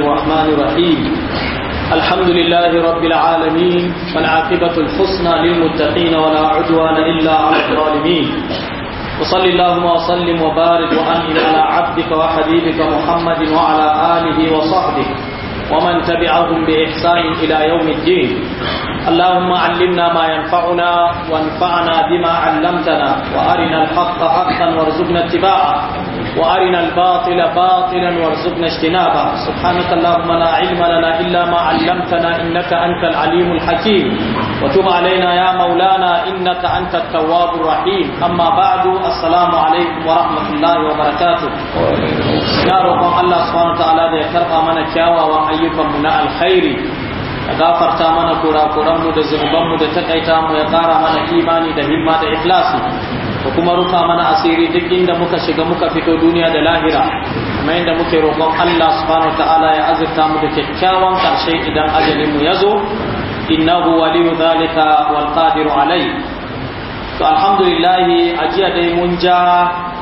الرحمن الرحيم الحمد لله رب العالمين والعاقبة الحسنى للمتقين ولا عدوان إلا على الظالمين وصل اللهم وسلم وبارك وأنعم على عبدك وحبيبك محمد وعلى آله وصحبه ومن تبعهم بإحسان إلى يوم الدين اللهم علمنا ما ينفعنا وانفعنا بما علمتنا وأرنا الحق حقا وارزقنا اتباعه وأرنا الباطل باطلا وارزقنا اجتنابه سبحانك اللهم لا علم لنا إلا ما علمتنا إنك أنت العليم الحكيم وتب علينا يا مولانا إنك أنت التواب الرحيم أما بعد السلام عليكم ورحمة الله وبركاته ina roƙon Allah subhanahu ta'ala da ya karɓa mana kyawawan ayyukanmu na alkhairi ya gafarta mana mu da mu da takaita mu ya ƙara mana imani da himma da ikhlasi da kuma rufa mana asiri duk inda muka shiga muka fito duniya da lahira kuma inda muke roƙon Allah subhanahu ta'ala ya azurta mu da kyakkyawan ƙarshe idan ajalin mu ya zo innahu waliyu dhalika wal qadiru alai to alhamdulillah a jiya dai mun ja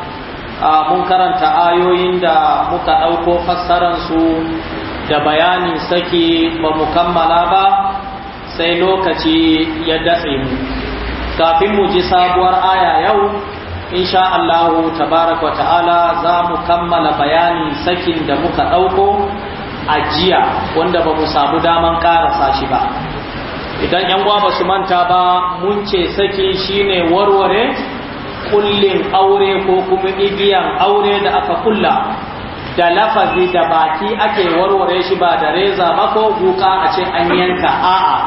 mun karanta ayoyin da muka ɗauko fassararsu da bayanin saki ba mu kammala ba sai lokaci ya datse mu kafin mu ji sabuwar aya yau insha Allahu wa ta'ala za mu kammala bayanin sakin da muka ɗauko a jiya wanda ba mu samu daman ƙarasa shi ba idan yan uwa ba su manta ba mun ce saki shine warware kullin aure ko kuma igiyan aure da aka kulla da lafazi da baki ake warware shi ba da reza ba ko guka a ce an yanka a'a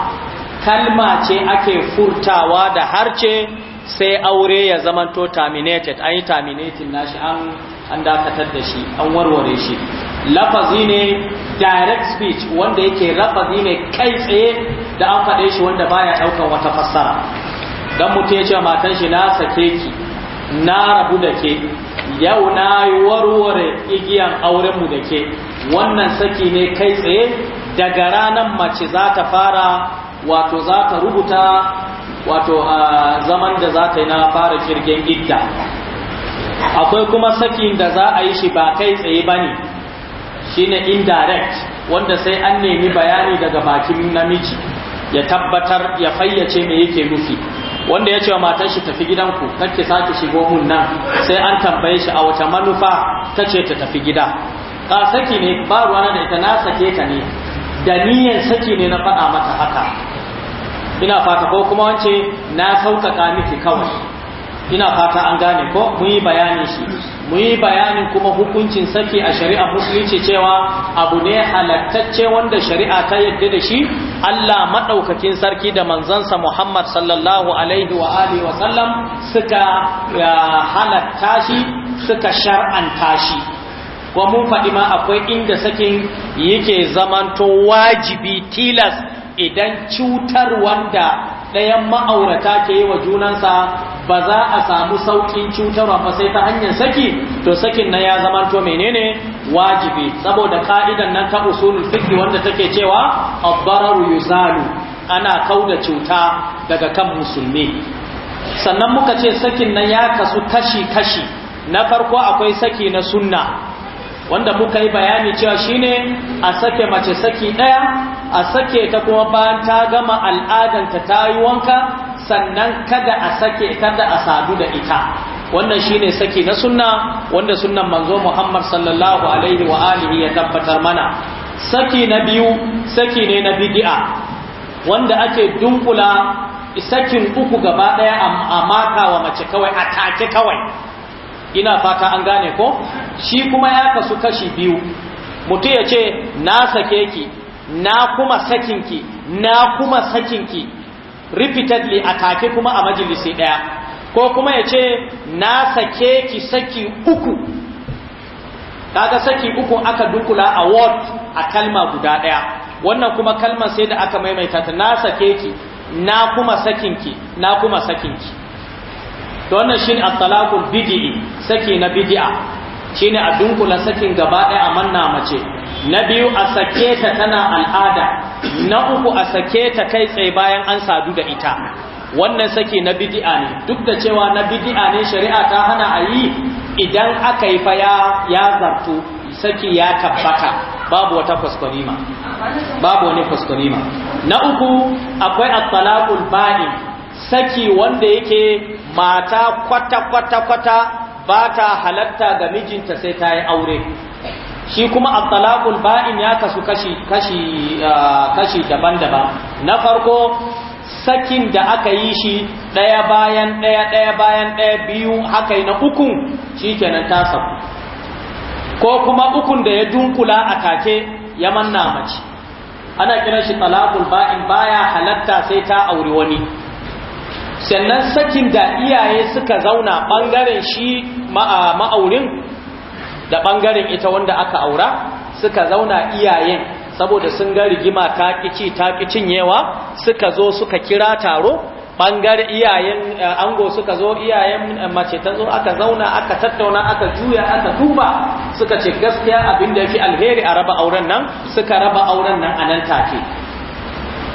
kalma ce ake furtawa da harce sai aure ya zamanto terminated an yi terminating nashi an an dakatar da shi an warware shi lafazi ne direct speech wanda yake lafazi ne kai tsaye da an faɗe shi wanda baya ɗaukar wata fassara dan mutum ya ce matan shi na sake ki na rabu da ke yau na yi warware igiyan aurenmu da ke wannan saki ne kai tsaye daga ranar mace za ta fara wato za ta rubuta wato a zaman da za ta yi na fara jirgin idda akwai kuma sakin da za a yi shi ba kai tsaye ba ne shi ne indirect wanda sai an nemi bayani daga bakin namiji ya tabbatar ya fayyace me yake nufi wanda ya ce wa matar shi tafi gidanku kake sake shigo mun nan sai an tambaye shi a wace manufa tace ta tafi gida ka saki ne ba ruwana da ita na sake ta ne da niyyar saki ne na faɗa mata haka ina fata ko kuma wance na sauƙaƙa miki kawai ina fata an gane ko mu yi bayanin shi mu yi bayanin kuma hukuncin saki a shari'a musulunci cewa abu ne halattacce wanda shari'a ta yadda da shi Allah madaukakin sarki da manzansa Muhammad sallallahu alaihi wa alihi wa sallam suka halatta shi suka shar'anta shi kuma mun faɗi ma akwai inda sakin yake zamanto wajibi tilas idan cutar wanda ɗayan ma'aurata ke yi wa junansa ba za a samu sauƙin cutarwa ba sai ta hanyar saki to sakin na ya zama to menene wajibi saboda ka'idan nan ta usulul fiqh wanda take cewa ad yuzalu ana kauda cuta daga kan musulmi sannan muka ce sakin nan ya kasu kashi kashi na farko akwai saki na sunna wanda muka yi bayani cewa shine a sake mace saki ɗaya a sake ta kuma bayan ta gama al'adanta ta yi wanka sannan kada a sake kada a sadu da ita wannan shine saki na sunna wanda sunnan manzo Muhammad sallallahu alaihi wa alihi ya tabbatar mana saki na biyu saki ne na bid'a wanda ake dunkula sakin uku gaba ɗaya a mata wa mace kawai a take kawai ina fata an gane ko shi kuma ya kasu kashi biyu Mutu ya ce na sake ki na kuma sakinki na kuma sakinki repeatedly a kake kuma a majalisi ɗaya ko kuma ya ce na sake ki saki uku kaga saki uku aka dukula a word a kalma guda ɗaya wannan kuma kalmar sai da aka maimaita ta na sake ki na kuma sakinki na kuma sakinki wannan shine at-talaqul bid'i saki na bid'a shine a dunkula sakin gaba ɗaya a manna mace na biyu a sake ta tana al'ada na uku a sake ta kai tsaye bayan an sadu da ita wannan saki na bidi'a ne duk da cewa na bidi'a ne shari'a ta hana a yi idan aka yi fa ya zartu saki ya tabbata babu wata kwaskwarima babu wani kwaskwarima na uku akwai at-talaqul bani saki wanda yake mata kwata kwata kwata ba ta halatta ga mijinta sai ta yi aure shi kuma at-talaqul ba'in ya kasu kashi kashi ah, kashi daban-daban na farko sakin da aka yi shi ɗaya bayan ɗaya ɗaya bayan ɗaya biyu haka na ukun shikenan ta saku ko kuma ukun da ya dunkula a take ya manna mace ana kiran shi talaqul ba'in baya halatta sai ta auri wani sannan sakin da iyaye suka zauna ɓangaren shi ma'aurin da ɓangaren ita wanda aka aura suka zauna iyayen saboda sun ga rigima ta ƙici ta cinyewa suka zo suka kira taro ɓangare iyayen eh, ango suka zo iyayen eh, mace ta zo aka zauna aka tattauna aka juya aka duba suka ce gaskiya abin da ya alheri a raba auren nan suka raba auren nan a nan take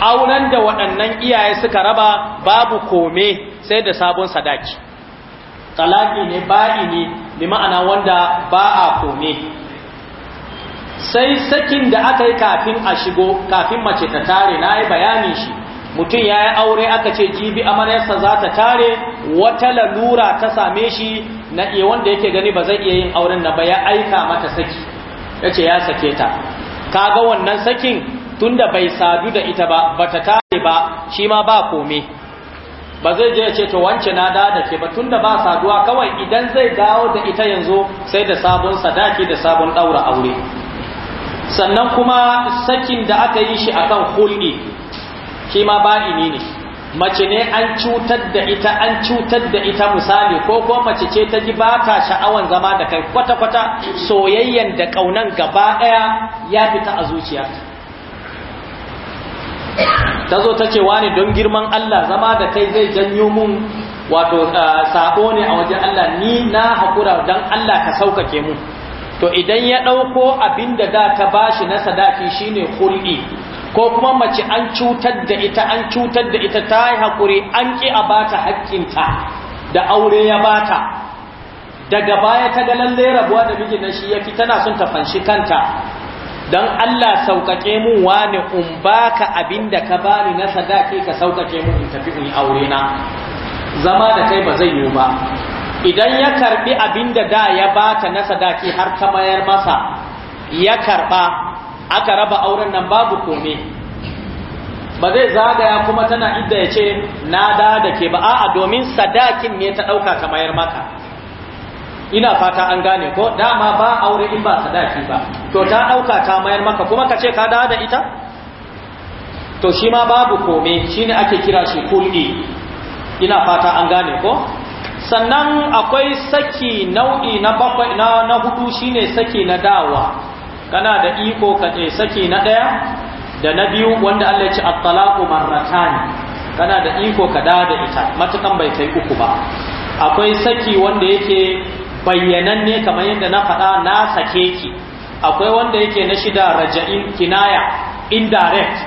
auren da waɗannan iyaye suka raba babu kome sai da sabon sadaki talaki ne ba'i ne bi ma'ana wanda ba a kome sai sakin da aka yi kafin a shigo kafin mace ta tare na yi bayanin shi mutum ya yi aure aka ce jibi amaryarsa za ta tare wata lalura ta same shi na iya wanda yake gani ba zai iya yin auren na ba ya aika mata saki ya ce ya sake ta kaga wannan sakin tunda bai sadu da ita ba bata tare ba shi ma ba kome ba zai je ce to wance na da da ke ba tunda ba saduwa kawai idan zai dawo da ita yanzu sai da sabon sadaki da sabon daura aure sannan kuma sakin da aka yi shi akan hulɗi shi ma ni ne mace ne an cutar da ita an cutar da ita misali ko ko mace ce ta ji ba ta sha'awan zama da kai kwata-kwata soyayyen da ƙaunan gaba ɗaya ya fita a zuciya ta zo ta ce wani don girman Allah zama da kai zai janyo mun wato sako ne a wajen Allah ni na haƙura don Allah ka saukake mu to idan ya ɗauko abin da da ta bashi na sadaki shine hulɗi ko kuma mace an cutar da ita an cutar da ita ta yi haƙuri an ƙi a bata haƙƙinta da aure ya bata daga baya ta ga lalle rabuwa da mijin shi shi fi tana son ta fanshi kanta don Allah sauƙaƙe mun wani in baka abin da ka bani na sadaki ka sauƙaƙe mun in tafi in aure na zama da kai ba zai yiwu ba idan ya karbi abin da da ya baka na sadaki har ka mayar masa ya karba aka raba auren nan babu kome ba zai zagaya kuma tana idda ya ce na da da ke ba a'a domin sadakin ne ta ɗauka ka mayar maka ina fata an gane ko dama ba aure in ba sadaki ba to ta dauka ta mayar maka kuma kace ka dawo da ita to shi ma babu kome shine ake kira shi kulli ina fata an gane ko sannan akwai saki nau'i na bakwai na na hudu shine saki na dawa kana da iko ka ce eh, saki na daya da na biyu wanda Allah ya ce at-talaqu marratan kana da iko ka da da ita matukan bai kai uku ba akwai saki wanda yake bayyananne kamar yadda na faɗa na sake ki akwai wanda yake na shida raja'in kinaya indirect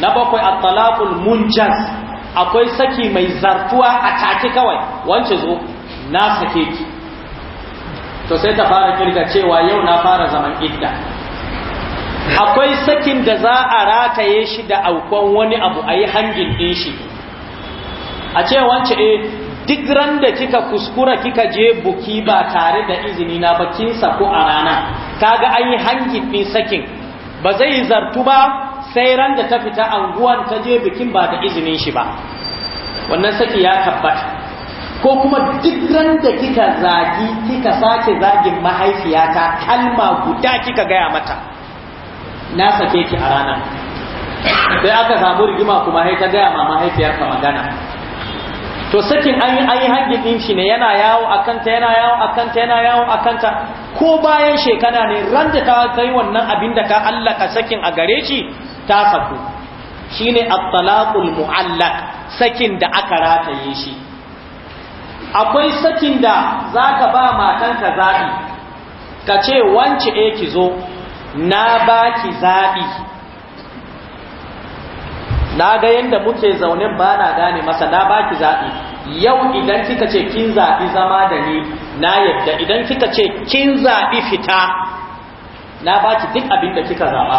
na bakwai at-talaqul munjaz akwai saki mai zartuwa a take kawai wance zo na sake ki to sai ta fara kirga cewa yau na fara zaman idda akwai sakin da za a rataye shi da aukon wani abu ayi hangin din shi a ce wance eh duk ran da kika kuskura kika je buki ba tare da izini na kin saku a rana kaga an yi hangifin sakin ba zai zartu ba sai ran da ta fita anguwan ta je bikin ba da izinin shi ba wannan saki ya tabbata ko kuma duk ran da kika zagi kika sake zagin mahaifiyata kalma guda kika gaya mata na sake ki a rana. sai aka samu rigima kuma sai ta gaya ma mahaifiyarka magana to sakin an yi an yi hajji din shi ne yana yawo a kanta yana yawo a kanta yana yawo a kanta ko bayan shekara ne ran da ta kai wannan abin da ka allaka sakin a gare shi ta saku shine at-talaqul mu'allaq sakin da aka rataye shi akwai sakin da zaka ba matanka zabi ka ce wance eh ki zo na baki zabi na ga yadda muke zaune ba na gane masa na baki zaɓi yau idan kika ce kin zaɓi zama da ni na yadda idan kika ce kin zaɓi fita na baki duk abin da kika zaɓa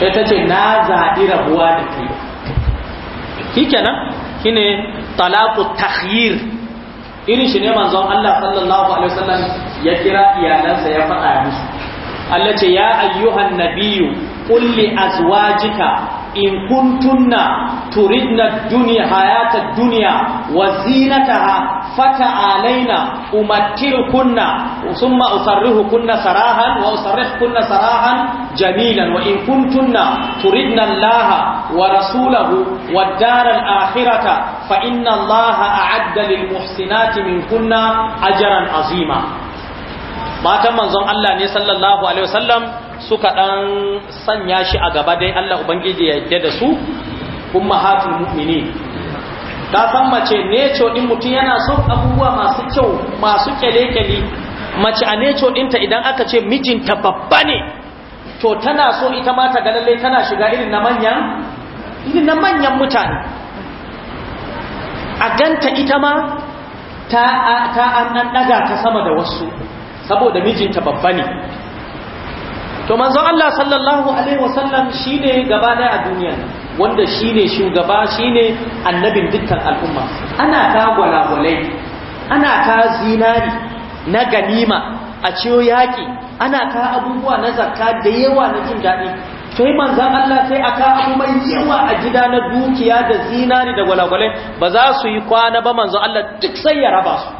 sai ta ce na zaɓi rabuwa da ke shi kenan shi ne talaku irin shi ne manzon Allah sallallahu alaihi wasallam ya kira iyalansa ya faɗa musu Allah ce ya ayyuhan nabiyyu qul li azwajika in kuntunna turidna duniya hayata dunya wa zinataha fata'alaina umattirukunna usarrihu usarrihukunna sarahan wa usarrihukunna sarahan jamilan wa in kuntunna turidna allaha wa rasulahu wa daral akhirata fa inna allaha a'adda lil muhsinati kunna ajran azima matan manzon Allah ne sallallahu alaihi wasallam suka ɗan sanya shi a gaba dai Allah Ubangiji ya yadda da su kuma hatin mu'mini ta san mace neco ɗin mutum yana son abubuwa masu kyau masu kyalekyali mace a neco ɗinta idan aka ce mijinta babba ne to tana so ita ma ta ga tana shiga irin na manyan irin na manyan mutane a ganta ita ma ta an ɗaga ta sama da wasu saboda mijinta babba ne to manzon Allah sallallahu alaihi wasallam shine gaba daya a duniya wanda ne shugaba shine annabin dukkan al'umma ana ta gwalagwalai ana ta zinari na ganima a ciyo yaƙi, ana ta abubuwa na zakka da yawa na jin daɗi sai manzan Allah sai aka abu mai yawa a gida na dukiya da zinari da gwalagwalai ba za su yi kwana ba manzon Allah duk sai ya raba su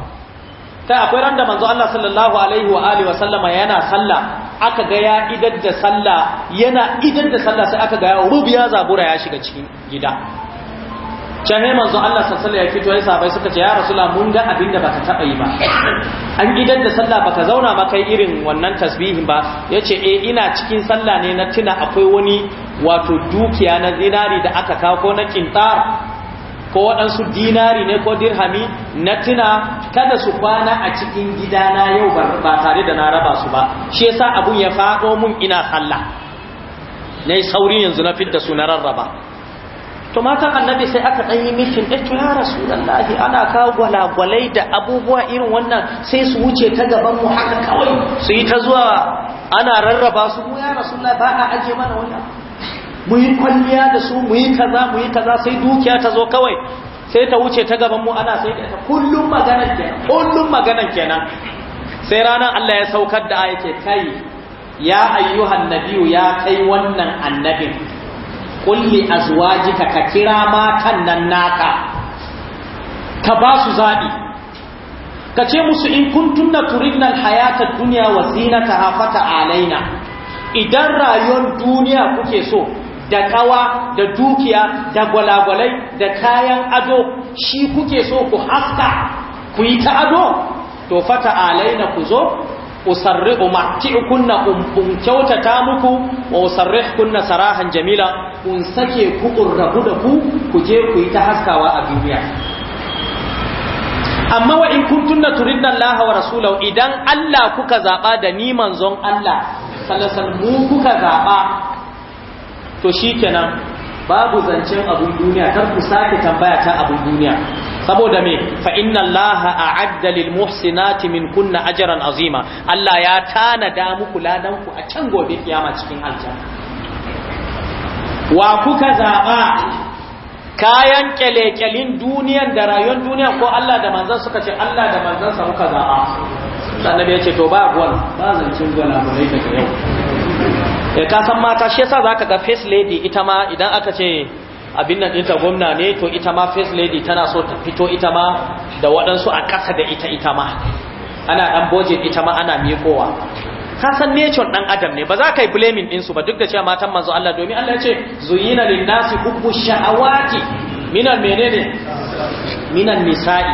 ta akwai ran da manzo Allah sallallahu alaihi wa alihi wa sallama yana sallah aka ga ya idar da sallah yana idar da sallah sai aka ga ya rubiya zabura ya shiga cikin gida can manzo Allah sallallahu ya fito ya sabai suka ce ya rasulullah mun ga abin da baka taba yi ba an gidan da sallah baka zauna ba kai irin wannan tasbihin ba yace eh ina cikin sallah ne na tuna akwai wani wato dukiya na zinari da aka kawo na kintar ko waɗansu dinari ne ko dirhami na tuna kada su kwana a cikin gidana yau ba tare da na raba su ba shi yasa abun ya faɗo mun ina sallah na yi sauri yanzu na fidda su na rarraba to matan annabi sai aka ɗan yi mitin eh, ya rasu lallahi ana kawo gwalagwalai da abubuwa irin wannan sai su wuce ta gaban mu haka kawai su yi ta zuwa ana rarraba su mu ya rasu ba a ajiye mana wannan mu yi kwalliya da su mu yi kaza mu yi kaza sai dukiya ta zo kawai sai ta wuce ta gaban mu ana sai ta kullum maganar kenan kullum maganar kenan sai ranar Allah ya saukar da ayake kai ya ayyuhan nabiyu ya kai wannan annabin kulli azwajika ka kira matan nan naka ka ba su zabi ka ce musu in kuntunna turidna alhayata dunya wa zinata hafata alaina idan rayuwar duniya kuke so da kawa da dukiya da gwalagwalai da kayan ado shi kuke so ku haska ku yi ta ado to fata alaina ku zo usarri kunna um kyautata muku wa kunna sarahan jamila Kun sake ku urrabu da ku ku je ku yi ta haskawa a duniya amma wa in kuntunna turidna Allah wa rasulahu idan Allah kuka zaba da ni manzon Allah sallallahu mu kuka zaba to shi kenan babu zancen abin duniya kar ku sake tambaya ta abun duniya saboda me fa inna allaha a'adda lil muhsinati min kunna ajran azima Allah ya tanada muku ladan ku a can gobe kiyama cikin aljanna wa kuka zaba kayan kyalekyalin duniyan da rayuwar duniya ko Allah da manzan suka ce Allah da manzansa muka za'a sannan ya ce to ba gwal ba zancin gwala murai daga yau ka san mata shi yasa zaka ga face lady ita ma idan aka ce abin nan ita gwamna ne to ita ma face lady tana so ta fito ita ma da waɗansu a ƙasa da ita ita ma ana ɗan bojin ita ma ana miƙowa ka san nature ɗan adam ne ba za ka yi blaming ɗinsu ba duk da cewa matan manzo Allah domin Allah ya ce zuyina lin nasi hubbu sha'awati من المنين من النساء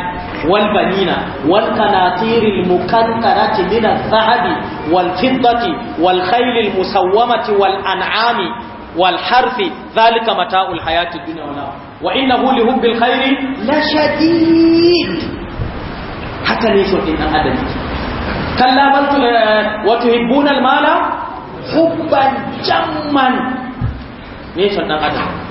والبنين والقناطير المقنطرة من الذهب والفضة والخيل المسومة والأنعام والحرث ذلك متاع الحياة الدنيا وإنه لهم بالخير لشديد حتى ليسوا إن أدم كلا بل وتحبون المال حبا جما ليسوا إن أدم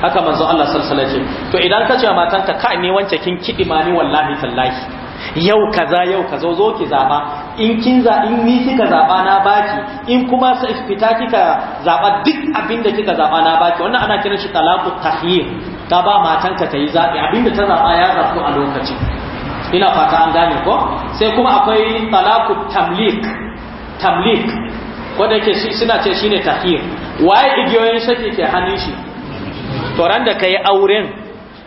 haka manzo Allah sallallahu alaihi wasallam to idan ka ce wa matanka ka ne wance kin kidi ma ni wallahi tallahi yau kaza yau kaza zo ki zaba in kin za in ni kika zaba na baki in kuma sa fita kika zaba duk abin da kika zaba na baki wannan ana kiran shi talaqu tahyir Ta ba matanka ta yi zabi abin da ta zaba ya zabu a lokacin ina fata an gane ko sai kuma akwai talaqu tamlik tamlik ko da yake suna ce shine tahyir waye igiyoyin shi ke hannun shi ran da ka yi auren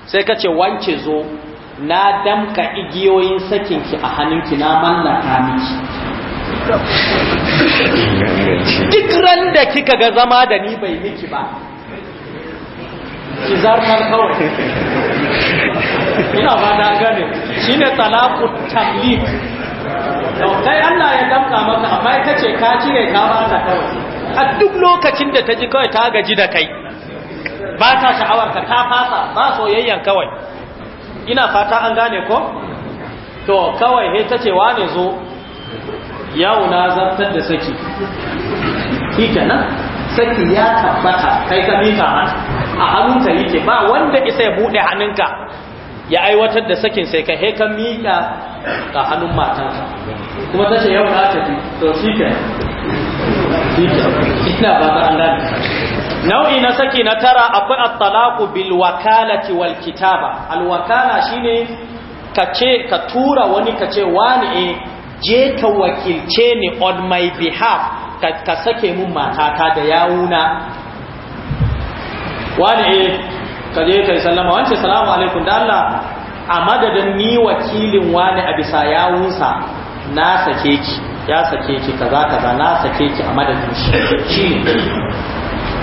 sai ka ce wance zo na damka igiyoyin sakinki a hannunki na mallaka miki duk ran da kika ga zama da ni bai miki ba ki zarmar kawai ina ba na gane shi ne talaku To kai Allah ya damka maka amma ita ce ka cire ka ba ta kawai a duk lokacin da ta ji kawai ta gaji da kai ba ta sha'awar ka ta fasa ba soyayyan kawai ina fata an gane ko to kawai he ta ce wane zo yau na zartar da saki shi nan saki ya tabbata kai ka mika a hannunta yake ba wanda isa ya bude hannunka ya aiwatar da sakin sai ka he ka mika a hannun matanka kuma ta ce yau na tafi to shi ke ina ba ta an dan nau'i na saki na tara akwai at-talaqu bil wakalati wal kitaba al wakala shine kace ka tura wani kace wani eh je ka wakilce ni on my behalf ka sake mun matata da yawuna wani eh ka je kai sallama wance salamu alaikum da Allah a madadin ni wakilin wani a bisa yawunsa na sake ki ya sake ki kaza kaza na sake ki a madadin shi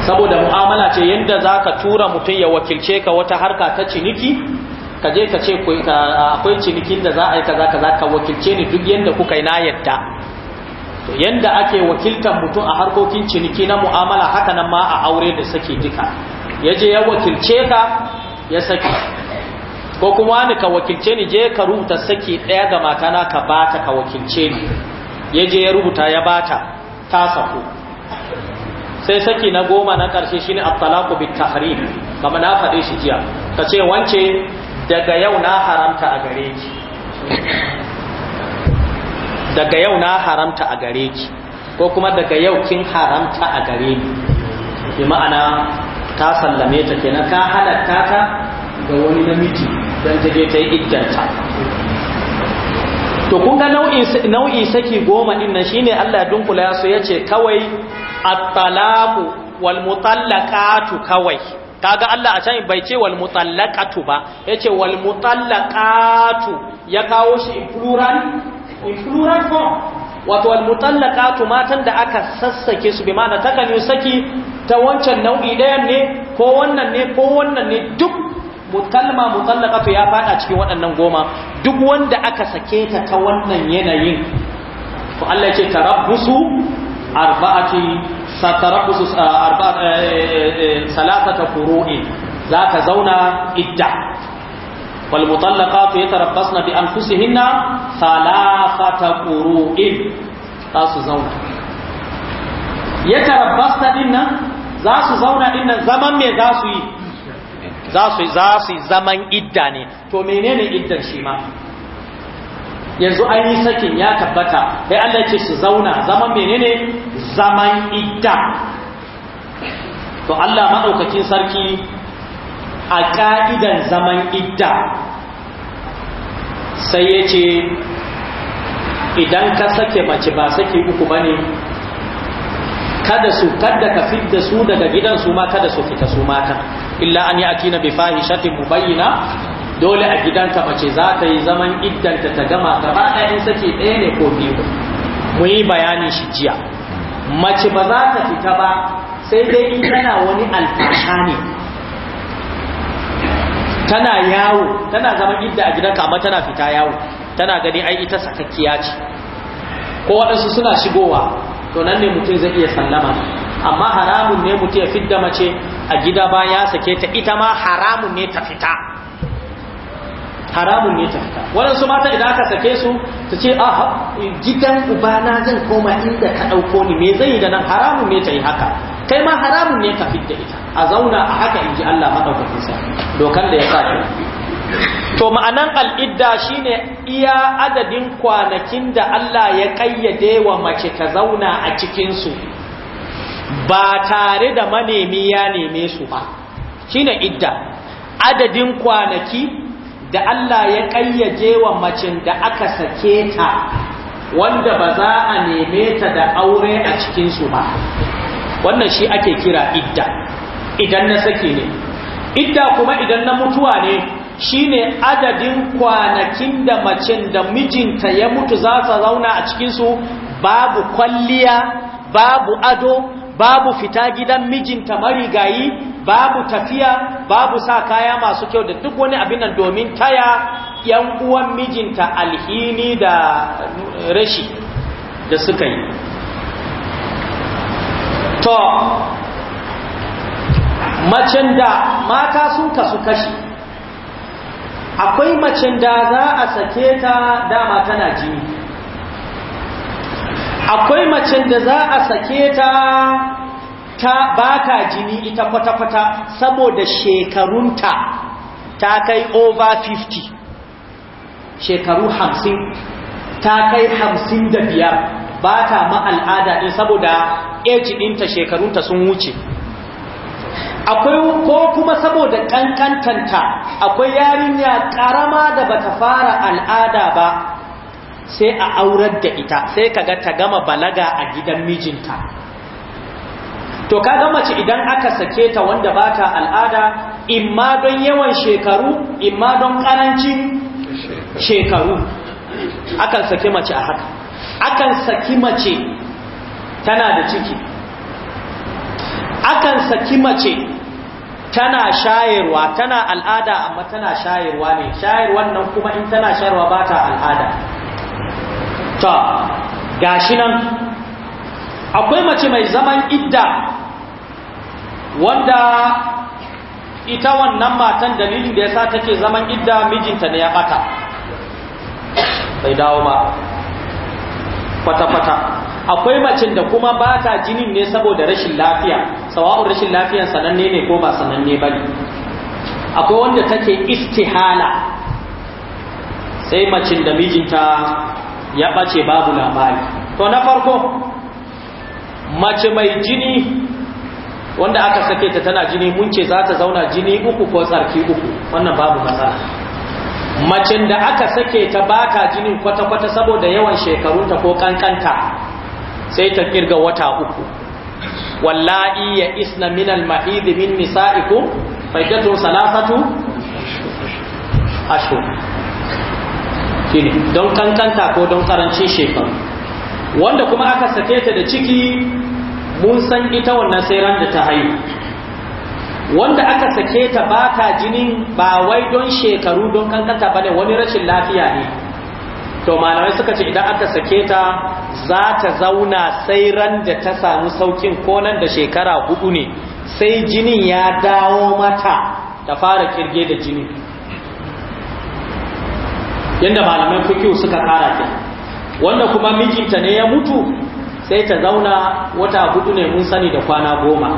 saboda mu'amala ce yanda zaka tura mutum ya wakilce ka wata harka ta ciniki ka je ka ce akwai cinikin da za a yi kaza kaza ka wakilce ni duk yadda kuka yi na yadda to yadda ake wakiltar mutum a harkokin ciniki na mu'amala haka nan ma a aure da saki duka ya je ya wakilce ka ya saki ko kuma ni ka wakilce ni je ka rubuta saki ɗaya ga matana ka ta ka wakilce ni ya je ya rubuta ya bata ta sako sai saki na goma na ƙarshe shine at-talaqu bit-tahrim kama na faɗe shi jiya ka ce wance daga yau na haramta a gare ki daga yau na haramta a gare ki ko kuma daga yau kin haramta a gare ni bi ma'ana ta sallame ta kenan ka halatta ta ga wani namiji don ta je ta yi iddanta to kun nau'i saki goma din nan shine Allah ya dunkula su yace kawai at-talaqu wal mutallaqatu kawai kaga Allah a can bai ce wal mutallaqatu ba yace wal mutallaqatu ya kawo shi in plural in plural form wato wal mutallaqatu matan da aka sassake su bi ma'ana takan yi saki ta wancan nau'i ɗayan ne ko wannan ne ko wannan ne duk kalma mutallaka to ya fada cikin waɗannan goma duk wanda aka sake ta ta wannan yanayin to Allah ya ce tarabbusu arba'ati satarabbusu arba'a eh, eh, eh, salatata furu'i zaka zauna idda wal mutallaqatu yatarabbasna bi anfusihinna thalathata furu'in za su zauna yatarabbasna dinnan za su zauna dinnan zaman me za su yi za su zaman idda ne to menene iddan shi ma yanzu an yi sakin ya tabbata sai Allah ce su zauna zaman menene zaman idda to Allah madaukakin sarki a ka'idan zaman idda sai ya ce idan ka sake mace ba sake uku bane, kada su kada ka fidda su daga gidansu ma kada su fita su mata illa an ya'tina bi fahishatin mubayyana dole a gidanta mace za ta yi zaman iddanta ta gama ta ba in sake ɗaya ne ko biyu mu yi bayanin shi jiya mace ba za ta fita ba sai dai in tana wani alfasha ne tana yawo tana zaman idda a gidanka amma tana fita yawo tana gani ai ita sakakkiya ce ko waɗansu suna shigowa to nan ne mutum zai iya sallama amma haramun ne mutum ya fidda mace a gida ba ya sake ta ita ma haramun ne ta fita haramun ne ta fita waɗansu mata idan aka sake su ta ce ah, a gidan ubana zan koma inda ka ɗauko ni me zai yi da nan haramun ne ta yi haka kai ma haramun ne ka fita ita a zauna a haka in ji Allah maɗaukakin sa dokan da ya sa to ma'anan al'idda shine iya adadin kwanakin da Allah ya ƙayyade wa mace ta zauna a cikinsu ba tare da manemi ya neme su ba shine idda adadin kwanaki da Allah ya kayyaje wa macin da aka sake ta wanda ba za a neme ta da aure a cikinsu ba wannan shi ake kira idda idan na sake ne idda kuma idan na mutuwa ne shine adadin kwanakin da macin da mijinta ya mutu za ta zauna a cikin su babu kwalliya babu ado babu fita gidan mijinta marigayi babu tafiya babu sa kaya masu kyau da duk wani abin nan domin taya yan uwan mijinta alhini da rashi da suka yi to macen da mata sun kasu kashi akwai macen da za a sake ta dama tana jini akwai macen da za a sake ta ta baka jini ita kwata-kwata saboda shekarunta ta kai over 50 shekaru 50 ta kai da biyar, ba ta ma'al'ada ɗin saboda age ɗinta shekarunta sun wuce akwai ko kuma saboda ƙanƙantanta akwai yarinya ƙarama da bata fara al'ada ba sai a aurar da ita sai kaga ta gama balaga a gidan mijinta to kaga mace idan aka sake ta wanda ba ta al'ada imma don yawan shekaru imma don karancin shekaru akan sake mace a haka akan saki mace tana da ciki akan saki mace tana shayarwa tana al'ada amma tana shayarwa ne shayarwan nan kuma in tana shayarwa ba ta al'ada ta gashi nan akwai mace mai zaman idda wanda ita wannan matan dalilin da yasa take zaman idda mijinta ne ya bata bai dawo ba kwata-kwata akwai macin da kuma ba ta jinin ne saboda rashin lafiya sawa'un rashin lafiyan sananne ne ko ba sananne ba ne akwai wanda take istihala sai macin da mijinta ya ɓace babu labari to na farko mace mai jini wanda aka sake ta tana jini mun ce za ta zauna jini uku ko tsarki uku wannan babu matsala macen da aka sake ta bata jinin kwata-kwata saboda yawan shekarunta ko ƙanƙanta sai ta ƙirga wata uku wallahi ya isna minal mahidi min nisa'ikum faidatun salasatu ashu. shine don kankanta ko don karancin shekaru wanda kuma aka sake ta da ciki mun san ita wannan sai ran da ta haihu wanda aka sake ta ba ta jinin ba wai don shekaru don kankanta ba ne wani rashin lafiya ne to malamai suka ce idan aka sake ta za ta zauna sai ran da ta samu saukin ko nan da shekara hudu ne sai jinin ya dawo mata ta fara kirge da jinin. yanda malaman fikihu suka kara ke wanda kuma mijinta ne ya mutu sai ta zauna wata hudu ne mun sani da kwana goma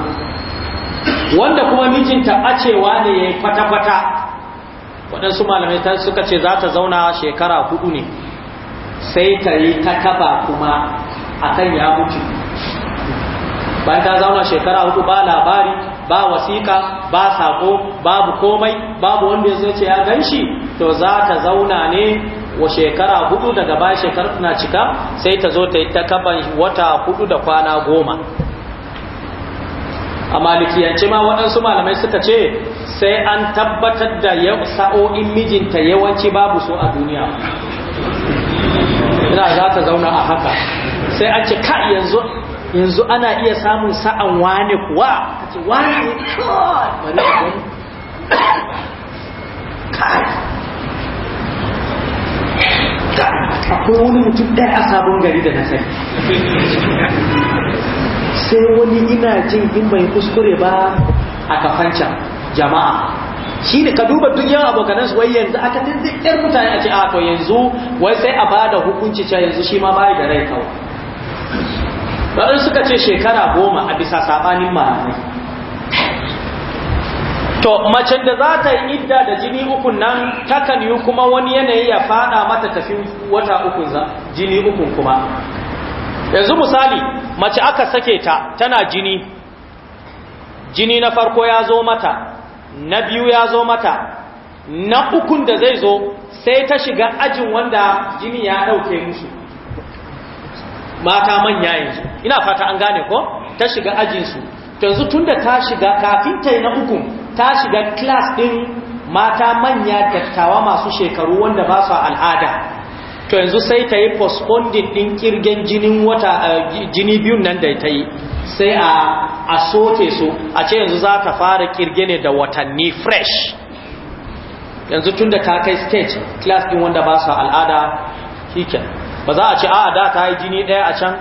wanda kuma mijinta bacewa ne ya yi fata-fata waɗansu malamai suka ce za ta zauna shekara hudu ne sai ta yi ta kaba kuma akan ya mutu bayan ta zauna shekara hudu ba labari ba wasiƙa ba sako babu komai babu wanda ya zo ce ya ganshi to za ta zauna ne wa shekara hudu daga ba shekara tana cika sai ta zo ta yi takaban wata hudu da kwana goma a malikiyance ma waɗansu malamai suka ce sai an tabbatar da sa'o'in mijinta yawanci babu so a duniya ina za ta zauna a haka sai an ce ka yanzu yanzu ana iya samun sa'an wane kuwa ka ce wane kawai bari a gani akwai wani mutum ɗaya a sabon gari da na sani sai wani ina jin in bai kuskure ba a kafancan jama'a shi ne ka duba duk yawan abokanan su wai yanzu aka tinta ɗan mutane a ce a to yanzu wai sai a bada hukunci cewa yanzu shi ma bai da rai kawai bayan suka ce shekara goma a bisa saɓanin malamai to mace da za ta yi idda da jini ukun nan takan yi kuma wani yanayi ya fada mata tafi wata ukun za jini ukun kuma yanzu misali mace aka sake ta tana jini jini na farko ya zo mata na biyu ya zo mata na ukun da zai zo sai ta shiga ajin wanda jini ya ɗauke musu mata manya yanzu ina fata an gane ko ta shiga su. yanzu tun da ta shiga kafin ta yi na uku ta shiga class ɗin mata manya dattawa masu shekaru wanda ba su al'ada to yanzu sai ta yi postponding ɗin ƙirgen jinin wata eh, jini biyun nan da ta yi sai a sote su a ce yanzu za ta fara kirge ne da watanni fresh yanzu tun da ka kai stage class ɗin wanda ba su al'ada shi ba za a ce a da ta yi jini daya a can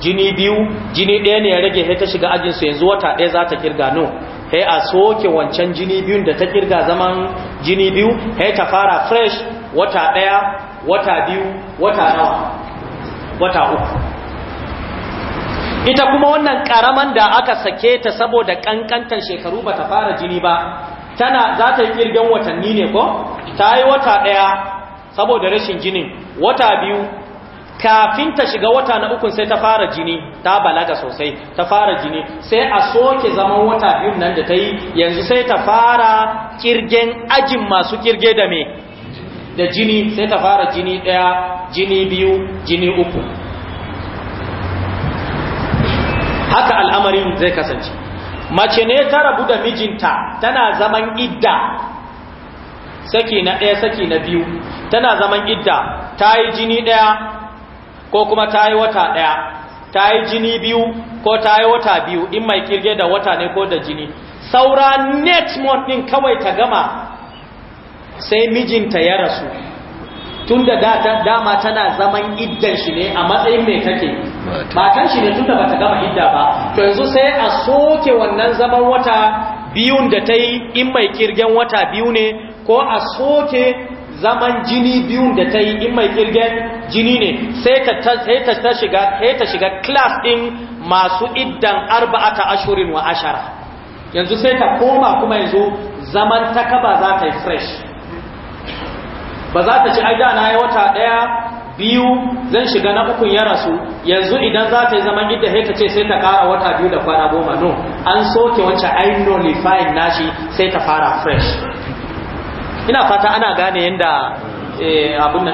jini biyu jini ɗaya ne ya rage sai ta shiga ajinsu yanzu wata ɗaya za ta kirga no sai a soke wancan jini biyun da ta kirga zaman jini biyu sai ta fara fresh wata ɗaya wata biyu wata nawa wata uku ita kuma wannan karaman da aka sake ta saboda kankantan shekaru ba ta fara jini ba tana za ta yi kirgen watanni ne ko ta yi wata ɗaya saboda rashin jinin wata biyu kafin ta shiga wata na ukun sai ta fara jini ta balaga sosai ta fara jini sai a soke zaman wata biyun nan da ta yi yanzu sai ta fara kirgen ajin masu kirge da me da jini sai ta fara jini ɗaya jini biyu jini uku haka al'amarin zai kasance mace ne ta rabu da mijinta tana zaman idda saki na ɗaya saki na biyu tana zaman idda ta yi jini ɗaya ko kuma ta yi wata ɗaya ta yi jini biyu ko ta yi wata biyu in mai kirge da wata ne ko da jini saura net month ɗin kawai ta gama sai mijinta ya rasu tun da dama tana zaman iddan shi ne a matsayin mai take matan shi ne tun da bata gama idda ba to yanzu sai a soke wannan zaman wata biyun da ta yi in mai kirgen wata biyu ne ko a soke zaman jini biyun da ta yi in mai kirgen jini ne sai ta shiga shiga class din masu iddan arba'ata ashirin wa ashara yanzu sai ta koma kuma yanzu zaman ta kaba za ta yi fresh ba za ta ci aida na yi wata ɗaya biyu zan shiga na ukun ya rasu yanzu idan za ta yi zaman idda sai ce sai ta kara wata biyu da kwana goma no an soke wancan i nashi sai ta fara fresh ina fata ana gane yadda abin da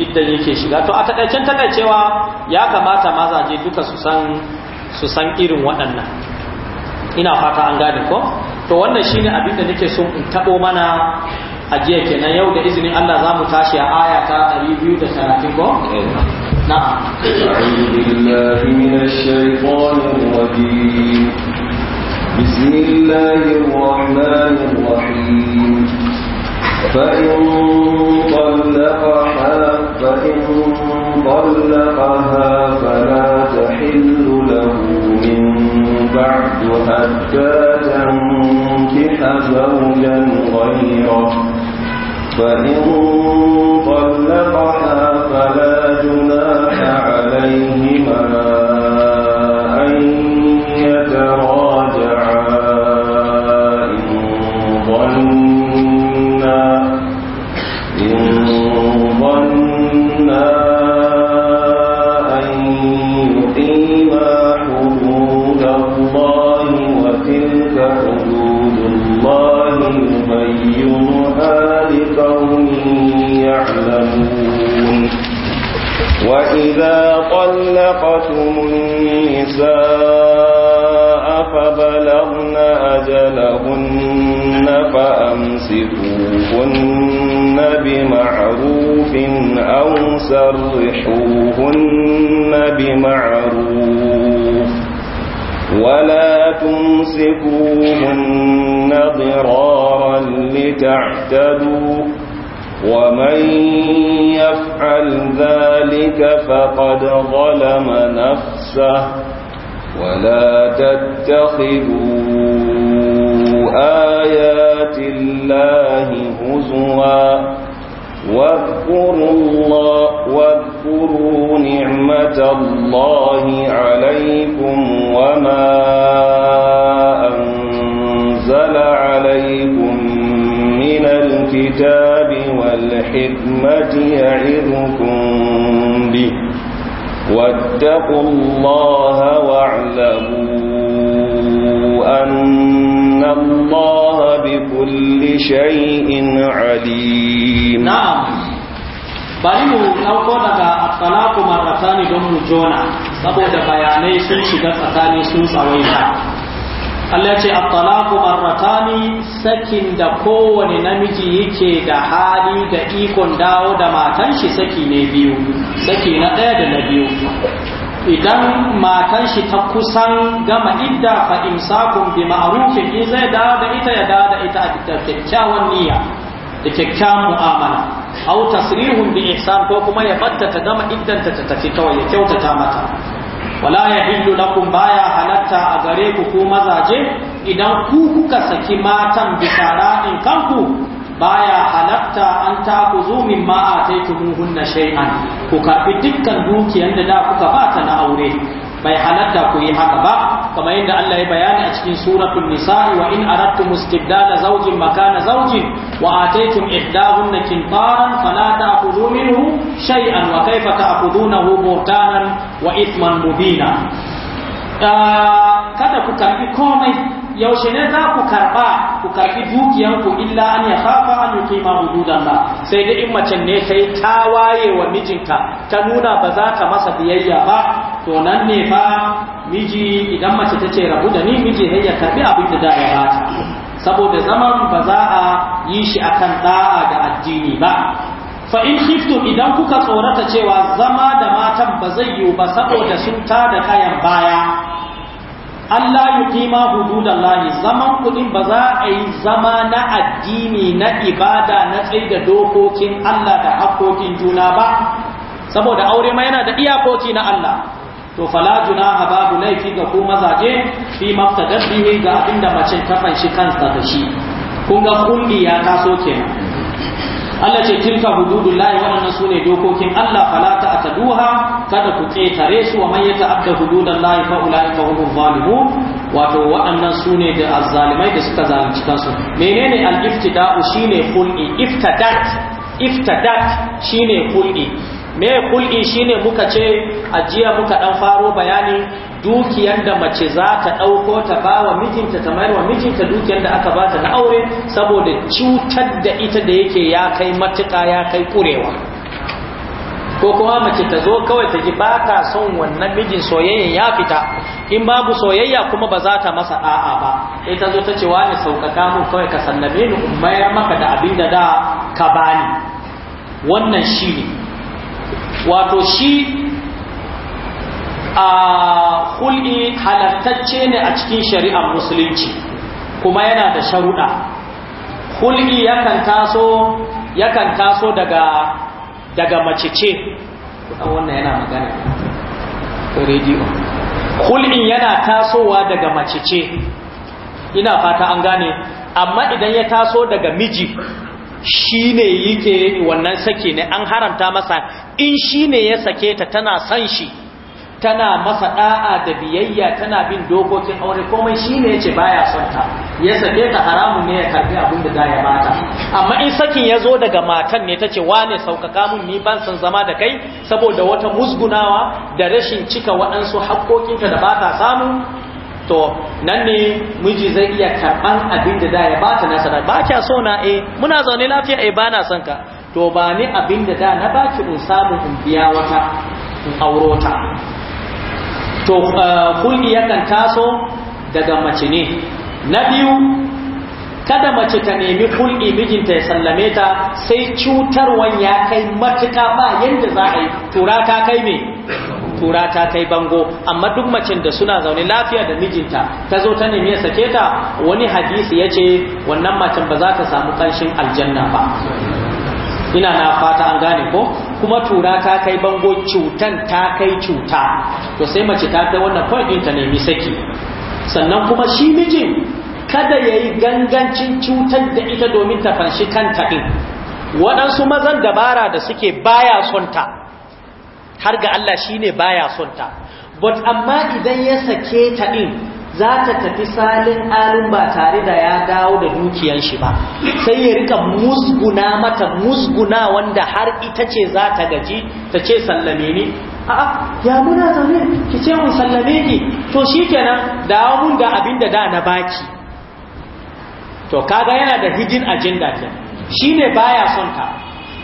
idan yake shiga to a takaicen takaicewa ya kamata mazaje duka su san su san irin waɗannan ina fata an gane ko to wannan shine abin da nake so in tabo mana a jiya kenan yau da izinin Allah za mu tashi a aya ta 230 ko na'am a'udhu billahi minash shaitanir rajim bismillahir rahmanir rahim فإن طلقها فإن طلقها فلا تحل له من بعد حتى تنكح زوجا غيره فأمسكوهن بمعروف أو سرحوهن بمعروف ولا تمسكوهن ضرارا لتعتدوا ومن يفعل ذلك فقد ظلم نفسه ولا تتخذوا آيات آيات الله هزوا واذكروا الله واذكروا نعمة الله عليكم وما أنزل عليكم من الكتاب والحكمة يعظكم به واتقوا الله واعلموا أن إن الله بكل شيء عليم نعم bari mu ɗauko daga talaku marratani don mu jona saboda bayanai sun shiga tsakanin sun tsawaita Allah ce at-talaqu marratani sakin da kowane namiji yake da hali da ikon dawo da matanshi saki ne biyu saki na ɗaya da na biyu idan matan shi ta kusan gama idda fa imsakun bi ma'rufin in zai dawo da ita ya dawo da ita a kyakkyawan niyya da kyakkyawan mu'amala aw tasrihun bi ihsan ko kuma ya batta ta gama iddanta ta tafi kawai ya kyautata mata wala ya yahillu lakum baya halatta a gare ku ko mazaje idan ku kuka saki matan bisa ra'in kanku baya halatta an ta ku zo min ma a hunna shay'an ku karɓi dukkan dukiyar da da kuka bata na aure bai halatta ku yi haka ba kamar yadda Allah ya bayani a cikin suratul nisa'i wa in aradtum istibdala zawjin makana zawjin wa ataytum ihdahunna qintaran fala ta'khudhu minhu shay'an wa kayfa ta'khudhunahu buhtanan wa ithman mubina ah, kada ku karɓi komai yaushe ne za ku karɓa ku karɓi dukiyanku illa an ya kafa an yi kima hududan ba sai dai in mace ne ta waye wa mijinka ta nuna ba za ka masa biyayya ba to nan ne fa miji idan mace ta ce rabu da ni miji sai ya karɓi abin da da ya ta? saboda zaman ba za a yi shi akan da'a da addini ba fa in khiftu idan kuka tsorata cewa zama da matan ba zai yiwu ba saboda sun tada kayan baya Allah hududan hududallahi zaman kudin ba za a yi zama na addini na ibada na da dokokin Allah da hakkokin juna ba saboda aure ma yana da iyakoki na Allah to fala ha babu laifi ga ku mazaje fi maftadat bihi ga abinda mace ta fanshi kansa da shi kun ga kungiya ta so kenan Allah ce tilka hududullahi waɗannan ne dokokin Allah fala ta'taduha kada ku ƙetare su wa man yata'adda hududallahi fa ulaika humuz zalimun wato waɗannan ne da azzalimai da suka zalunci kansu menene al-iftida'u shine khul'i iftadat iftadat shine kul'i me kul'i shine muka ce ajiya muka dan faro bayanin dukiyar da mace za ta ɗauko ta ba wa mijinta ta mayar wa mijinta dukiyar da aka ba ta na aure saboda cutar da ita da yake ya kai matuƙa ya kai ƙurewa ko kuma mace ta zo kawai ta ji ba ta son wannan mijin soyayyen ya fita in babu soyayya kuma ba za ta masa a'a ba sai ta zo ta ce wani sauƙaƙa mun kawai ka sallame ni in mayar maka da abin da da ka bani wannan shi ne wato shi a kul'i halattacce ne a cikin shari'ar musulunci kuma yana da sharuɗa kul'i yakan taso yakan taso daga daga mace ce wannan yana magana rediyo kul'in yana tasowa daga mace ce ina fata an gane amma idan ya taso daga miji shi ne yake wannan sake ne an haramta masa in shi ne ya sake ta tana son shi tana masa da'a da biyayya tana bin dokokin aure komai shine yace baya son ta ya sake ta haramun ne ya karbi abin da ya bata amma in sakin ya zo daga matan ne tace wane saukaka mun ni ban san zama da kai saboda wata musgunawa da rashin cika waɗansu haƙoƙinka da bata samu to nan ne miji zai iya karban abin da ya bata na sanar ba kya so na eh muna zaune lafiya eh bana son ka to ba ni abin da da na baki in samu in biya wata in auro ta to eh, kulki yakan taso daga mace ne na biyu kada mace ta nemi kulki mijinta ya sallame ta sai cutarwan ya kai matuka ba yadda za a yi tura ta kai me tura ta kai bango amma duk macen da suna zaune lafiya da mijinta ta zo ta nemi ya sake ta wani hadisi ya ce wannan macen ba za ta samu kanshin aljanna ba ina na fata an gane ko kuma tura ta kai bango cutan ta kai cuta to sai mace ta ga wannan point din ta nemi saki sannan kuma shi mijin kada yayi gangancin cutar da ita domin ta fanshi kanta din waɗansu mazan dabara da suke baya son ta har ga Allah shine baya son ta but amma idan ya sake ta din za ta tafi salin alin ba tare da ya dawo da dukiyar shi ba sai ya rika musguna mata musguna wanda har ita ce za ta gaji ta ce sallame ni a'a ya muna zaune ki ce mun sallame ki to shikenan dawo mun da abin da da na baki to kaga yana da hidden agenda ke shine baya son ka.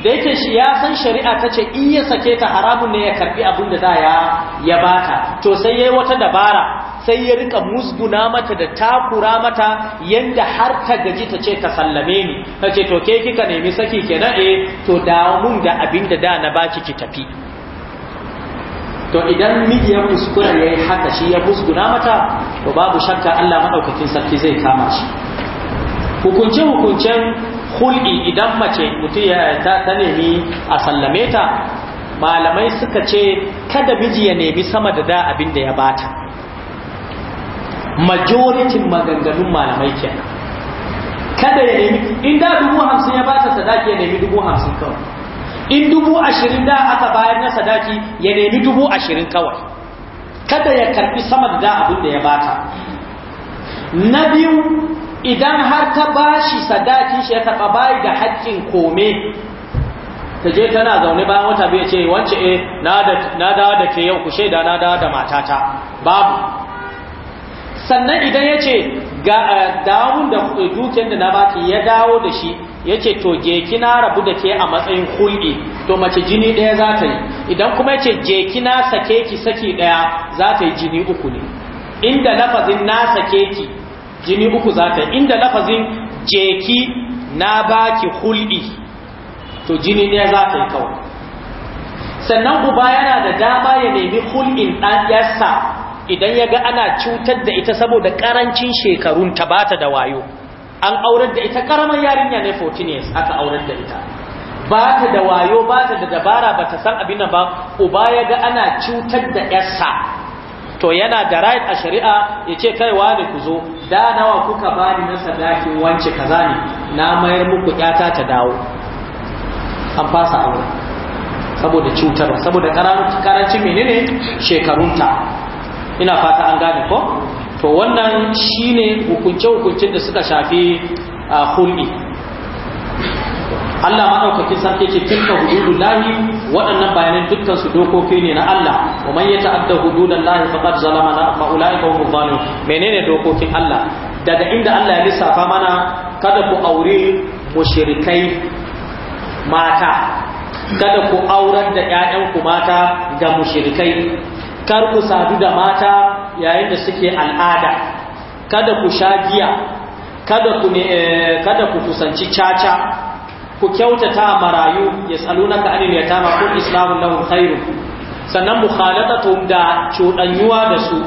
da yake shi ya san shari'a ta ce in ya sake ta haramun ne ya karbi abin da za ya ya bata to sai yayi wata dabara sai ya rika musguna mata da takura mata yanda har ta gaji ta ce ka sallame ni ta ce to ke kika nemi saki kenan eh to da mun da abin da da na baki ki tafi to idan miji ya kuskura ya haka shi ya musguna mata to babu shakka Allah maɗaukakin sarki zai kama shi hukunce-hukuncen hul'i idan mace mutum ta nemi a sallame ta malamai suka ce kada miji ya nemi sama da da abin da ya bata majoritin maganganun malamai kenan kada ya nemi in da dubu hamsin ya bata sadaki ya nemi dubu hamsin kawai in dubu ashirin da aka bayar na sadaki ya nemi dubu ashirin kawai kada ya karbi sama da da abin da ya bata na biyu idan har ta bashi sadaki shi ya taɓa bayi da haƙƙin kome ta je tana zaune bayan wata bai ce wance e na dawo da ke yau ku shaida na dawo da matata babu sannan idan ya ce eh, dawun da eh, dukiyar da na baki ya dawo da shi ya ce to je na rabu da ke a matsayin hulɗi to mace jini ɗaya za ta yi idan kuma ya ce je kina sake ki saki ɗaya za ta yi jini uku ne inda lafazin na sake ki jini uku za ta inda lafazin jeki na baki hul'i to jini ne za ta yi kawai sannan uba yana da dama ya nemi hul'in ɗan yarsa idan ya ga ana cutar da ita saboda ƙarancin shekarun ta bata da wayo an aurar da ita ƙaramar yarinya ne 14 years aka aurar da ita ba ta da wayo ba ta da dabara ba ta san abin ba uba ya ga ana cutar da yarsa to yana da right a shari'a ya ce kai wani ku zo da nawa kuka bani na sadakin wance kaza ne na mayar muku yata ta dawo an fasa aure saboda cutarwa saboda karanci menene shekarunta ina fata an gane ko to wannan shine hukunce-hukuncin da suka shafi ah, hulmi Allah madaukakin sarki ce tilka hududullahi waɗannan bayanan dukkan su dokoki ne na Allah wa man yata'adda hududallahi faqad zalama na fa ulai ka zalimun menene dokokin Allah daga inda Allah ya lissafa mana kada ku aure mushrikai mata kada ku aurar da ku mata ga mushrikai kar ku sadu da mata yayin da suke al'ada kada ku sha giya kada ku eh, kada ku kusanci caca ku kyautata marayu ya yasalunaka anil yatama kun islamun lahum khairu sannan mukhalatatum da cudanyuwa da su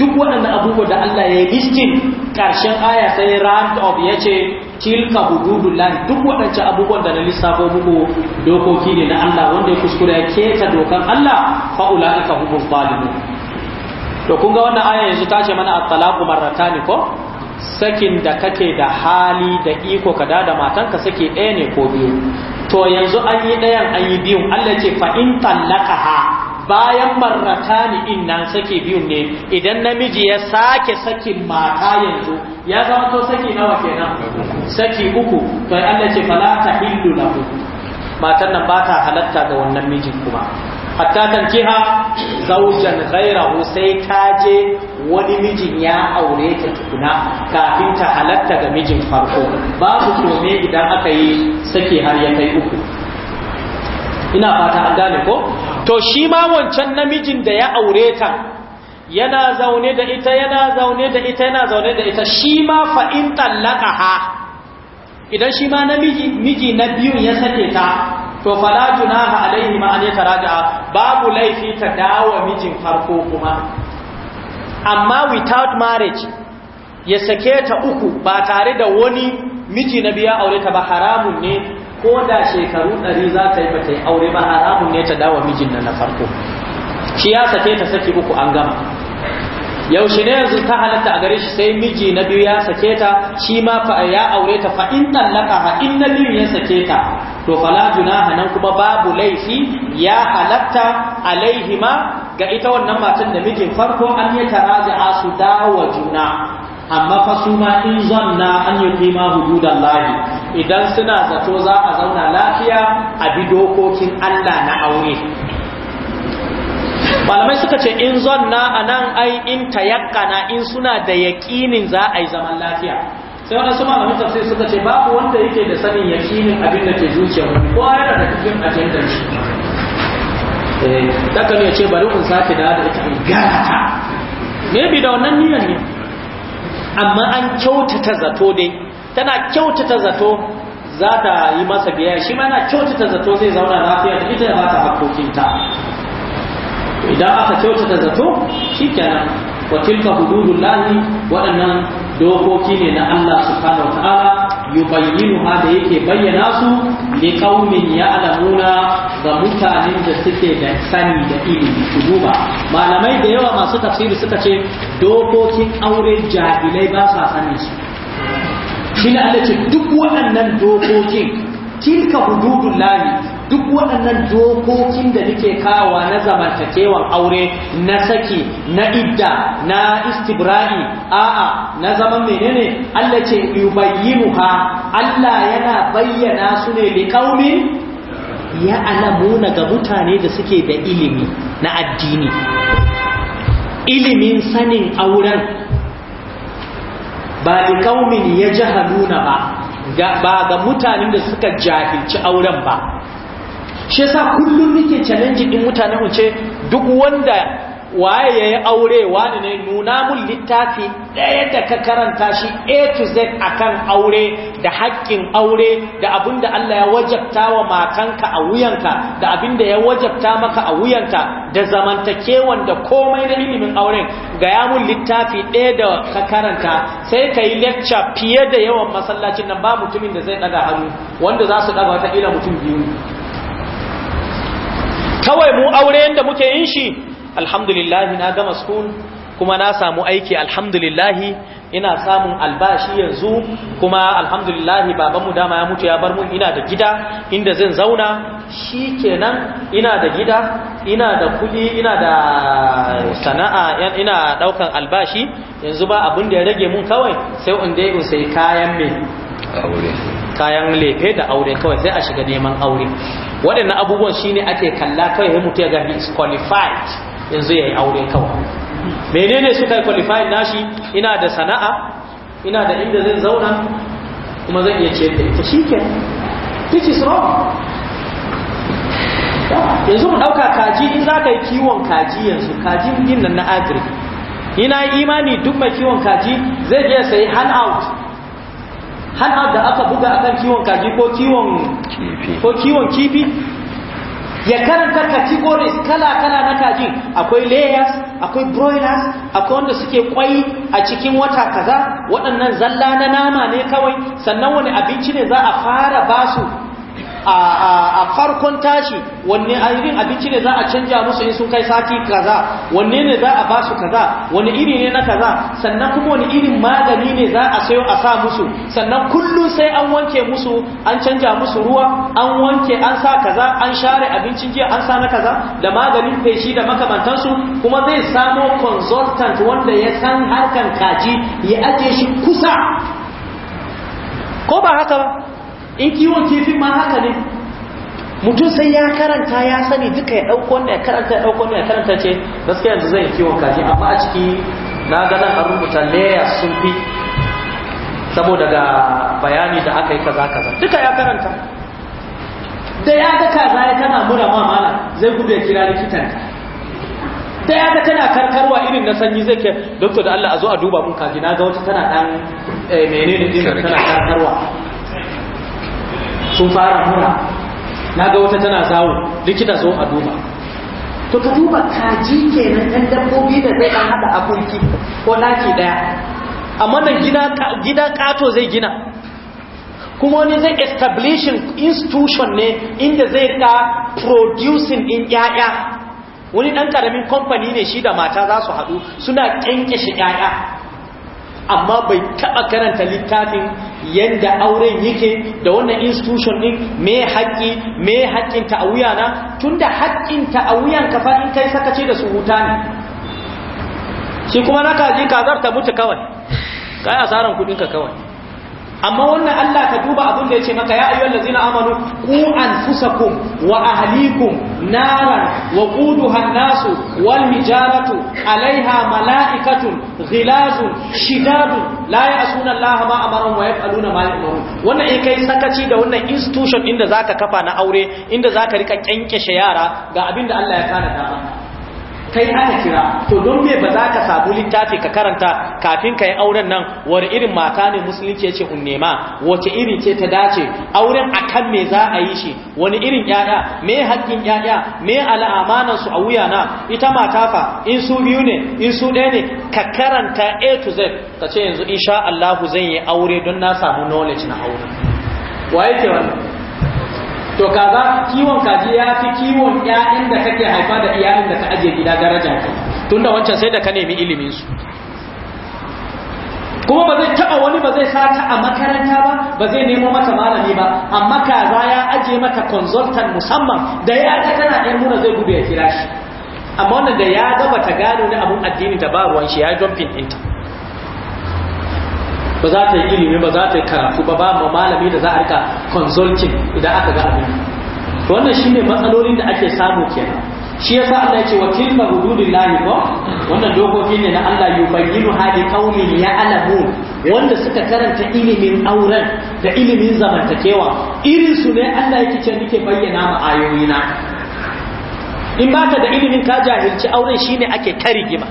duk wannan abubuwa da Allah ya yi listin ƙarshen aya sai round of yace tilka hududullah duk waɗancan abubuwan da na lissafo muku dokoki ne na Allah wanda ya kuskura ya keta dokan Allah ulaika hubun zalimun to kun ga wannan aya yanzu tace mana at-talaqu marratan ko sakin da kake da hali da iko ka da da matanka sake ɗaya ne ko biyu to yanzu an yi ɗayan an yi biyun Allah ce fa in tallaka bayan marratani in nan sake biyun ne idan namiji ya sake sakin mata yanzu ya zama to saki nawa kenan saki uku to Allah ce fala tahillu lahu matan nan ba ta halatta ga wannan mijin kuma hatta tankiha zaujan ghairahu sai ta je wani mijin ya aure ta tukuna kafin ta halatta ga mijin farko babu kome idan aka yi sake har ya kai uku ina fata an gane ko to shi ma wancan namijin da ya aure ta yana zaune da ita yana zaune da ita yana zaune da ita shi ma fa in ha idan shi ma namiji miji na biyun ya sake ta to fala junaha alaihi ma an yataraja babu laifi ta dawo mijin farko kuma amma without marriage ya sake ta uku ba tare da wani miji na biya aure ta ba haramun ne ko da shekaru ɗari za ta yi ba ta yi aure ba haramun ne ta dawo mijin na farko shi ya sake ta saki uku an gama yaushe ne yanzu ta halatta a gare shi sai miji na biyu ya sake ta shi ma fa ya aure ta fa in tallaka ha in na biyu ya sake ta to fala junaha nan kuma babu laifi ya halatta alaihima ga ita wannan matan da mijin farko an yi taraja'a su dawo juna amma fa su ma in zanna an yi kima hududan lahi idan suna zato za a zauna lafiya a bi dokokin Allah na aure malamai suka ce in zonna a nan ai in tayakkana in suna da yaƙinin za a yi zaman lafiya sai su malamai tafsir suka ce babu wanda yake da sanin yaƙinin abin da ke zuciya mu ko yana da cikin ajandar shi eh, daga ne ce bari in sake da da ita garata me bi da wannan niyan ne amma an kyautata zato dai tana kyautata zato za ta yi masa biyayya shi ma na kyautata zato zai zauna lafiya da ita ba ta hakokinta idan aka kyautata zato shikenan wa tilka lahi waɗannan dokoki ne na Allah subhanahu wataala yubayyinuha da yake bayyana su li ya ya'lamuna ga mutanen da suke da sani da ilimi duba malamai da yawa masu tafsiri suka ce dokokin aure jahilai ba sa su shi ne ce duk waɗannan dokokin tilka lahi duk waɗannan dokokin da nake kawa na zamantakewan aure na saki na idda na istibra'i a'a na zaman menene Allah ce ha Allah yana bayyana su ne ya alamu na ga mutane da suke da ilimi na addini ilimin sanin auren ba ya jiha nuna ba ba ga mutanen da suka jahilci auren ba shi sa kullum nake challenge din mutane mu ce duk wanda waye yayi aure wani ne nuna mun littafi ɗaya da ka karanta shi A to Z akan aure da haƙƙin aure da abinda Allah ya wajabta wa makanka a wuyanka da abinda ya wajabta maka a wuyanka da zamantakewan da komai na ilimin aure. ga ya mun littafi ɗaya da ka karanta sai ka yi lecture fiye da yawan masallacin nan ba mutumin da zai ɗaga hannu wanda za su ɗaga wata ila mutum biyu kawai mu aure yadda muke yin shi alhamdulillahi na gama school kuma na samu aiki alhamdulillahi ina samun albashi yanzu kuma alhamdulillahi babanmu dama ya mutu ya bar mun ina da gida inda zan zauna shi kenan ina da gida ina da kudi ina da sana'a ina daukan albashi yanzu ba abin da ya rage mun kawai sai in dai in sai kayan me. aure kayan lefe da aure kawai sai a shiga neman aure waɗannan abubuwan shine ake kalla kawai ya mutu ya ga is qualified yanzu ya yi aure kawai menene suka yi qualified nashi ina da sana'a ina da inda zan zauna kuma zan iya ce ta ita ke which is wrong yanzu mu ɗauka kaji in za ka yi kiwon kaji yanzu kaji din nan na agri ina imani duk mai kiwon kaji zai je sai hand out har da aka buga akan kiwon kaji ko kiwon ko kiwon kifi ya karanta categories kala-kala na kaji akwai layers akwai broilers akwai wanda suke kwai a cikin wata kaza waɗannan zalla na nama ne kawai sannan wani abinci ne za a fara basu a farkon tashi wanne irin abinci ne za a canja musu in sun kai sati kaza wanne ne za a basu kaza wani iri ne na kaza sannan kuma wani irin magani ne za a sayo a sa musu sannan kullum sai an wanke musu an canja musu ruwa an wanke an sa kaza an share abincin jiya an sa na kaza da maganin feshi da makamantansu kuma zai samo consultant wanda ya san harkan kaji ya ajiye shi kusa ko ba haka ba in kiwon kifin ma haka ne mutum sai ya karanta ya sani duka ya ɗauko wanda ya karanta ya ɗauko wanda ya karanta ce gaske yanzu zai kiwon kaji amma a ciki na ganin an rubuta layer sun fi saboda ga bayani da aka yi kaza kaza duka ya karanta da ya ga kaza ya tana mura mana, zai gudu ya kira likitan da ya ga tana karkarwa irin na sanyi zai ke doktor da Allah a zo a duba mun kaji na ga wata tana dan eh, menene din tana karkarwa sun fara mura na ga wata tana zawo likita zo a duba to ka duba kaji kenan ɗan dabbobi da zai an haɗa akurki ko ɗaki ɗaya amma nan gida ƙato zai gina kuma wani zai establishing institution ne inda zai ta producing in yaya wani ɗan karamin kamfani ne shi da mata za su haɗu suna kyanke shi yaya amma bai taɓa karanta littafin yadda auren yake da wannan institution din me haƙƙi me haƙƙin auya na tunda haƙƙin ta'awuyan ka fa in kai sakace da su ne shi kuma na kaji kazar ta mutu kawai kai asaran kuɗinka kawai amma wannan Allah ka duba abin da ya ce maka ya ayyuhal ladzina amanu qu anfusakum wa ahlikum naran wa quduha an-nasu wal hijaratu alaiha malaikatun ghilazun shidadun la ya'suna Allah ma amarahum wa yaf'aluna ma yu'marun wannan in kai sakaci da wannan institution inda zaka kafa na aure inda zaka rika ƙyanƙyashe yara ga abin da Allah ya kana ta kai aka kira to don me ba za ka sabu littafi ka karanta kafin ka yi auren nan wani irin mata ne musulunci ya ce un wace irin ce ta dace auren akan me za a yi shi wani irin yaya me haƙƙin yaya me al'amanan su a wuya na ita mata fa in su biyu ne in su ɗaya ne ka karanta a to z ka ce yanzu insha Allah zan yi aure don na samu knowledge na aure Waye ke wannan to kaza kiwon kaji ya fi kiwon ƴaƴan da kake haifa da iyalin da ka aje gida daraja ke tunda wancan sai da ka nemi ilimin su kuma ba zai taba wani ba zai sata a makaranta ba ba zai nemo mata malami ba amma kaza ya aje mata consultant musamman da ya ta tana ɗan mura zai gudu ya kira shi amma wannan da ya gaba ta gano ne abun addini da ba ruwan shi ya jumping internet ba za ta yi ilimi ba za ta yi karatu ba ba ma malami da za a rika consulting idan aka ga abin to wannan shine matsalolin da ake samu kenan shi yasa Allah ya ce wa tilka hududillahi ko wannan dokoki ne na Allah yi yubayyinu hadi ya alamu. wanda suka karanta ilimin auren da ilimin zamantakewa irin su ne Allah yake ce nake bayyana ma ayoyina in baka da ilimin ka jahilci auren shine ake ta gima.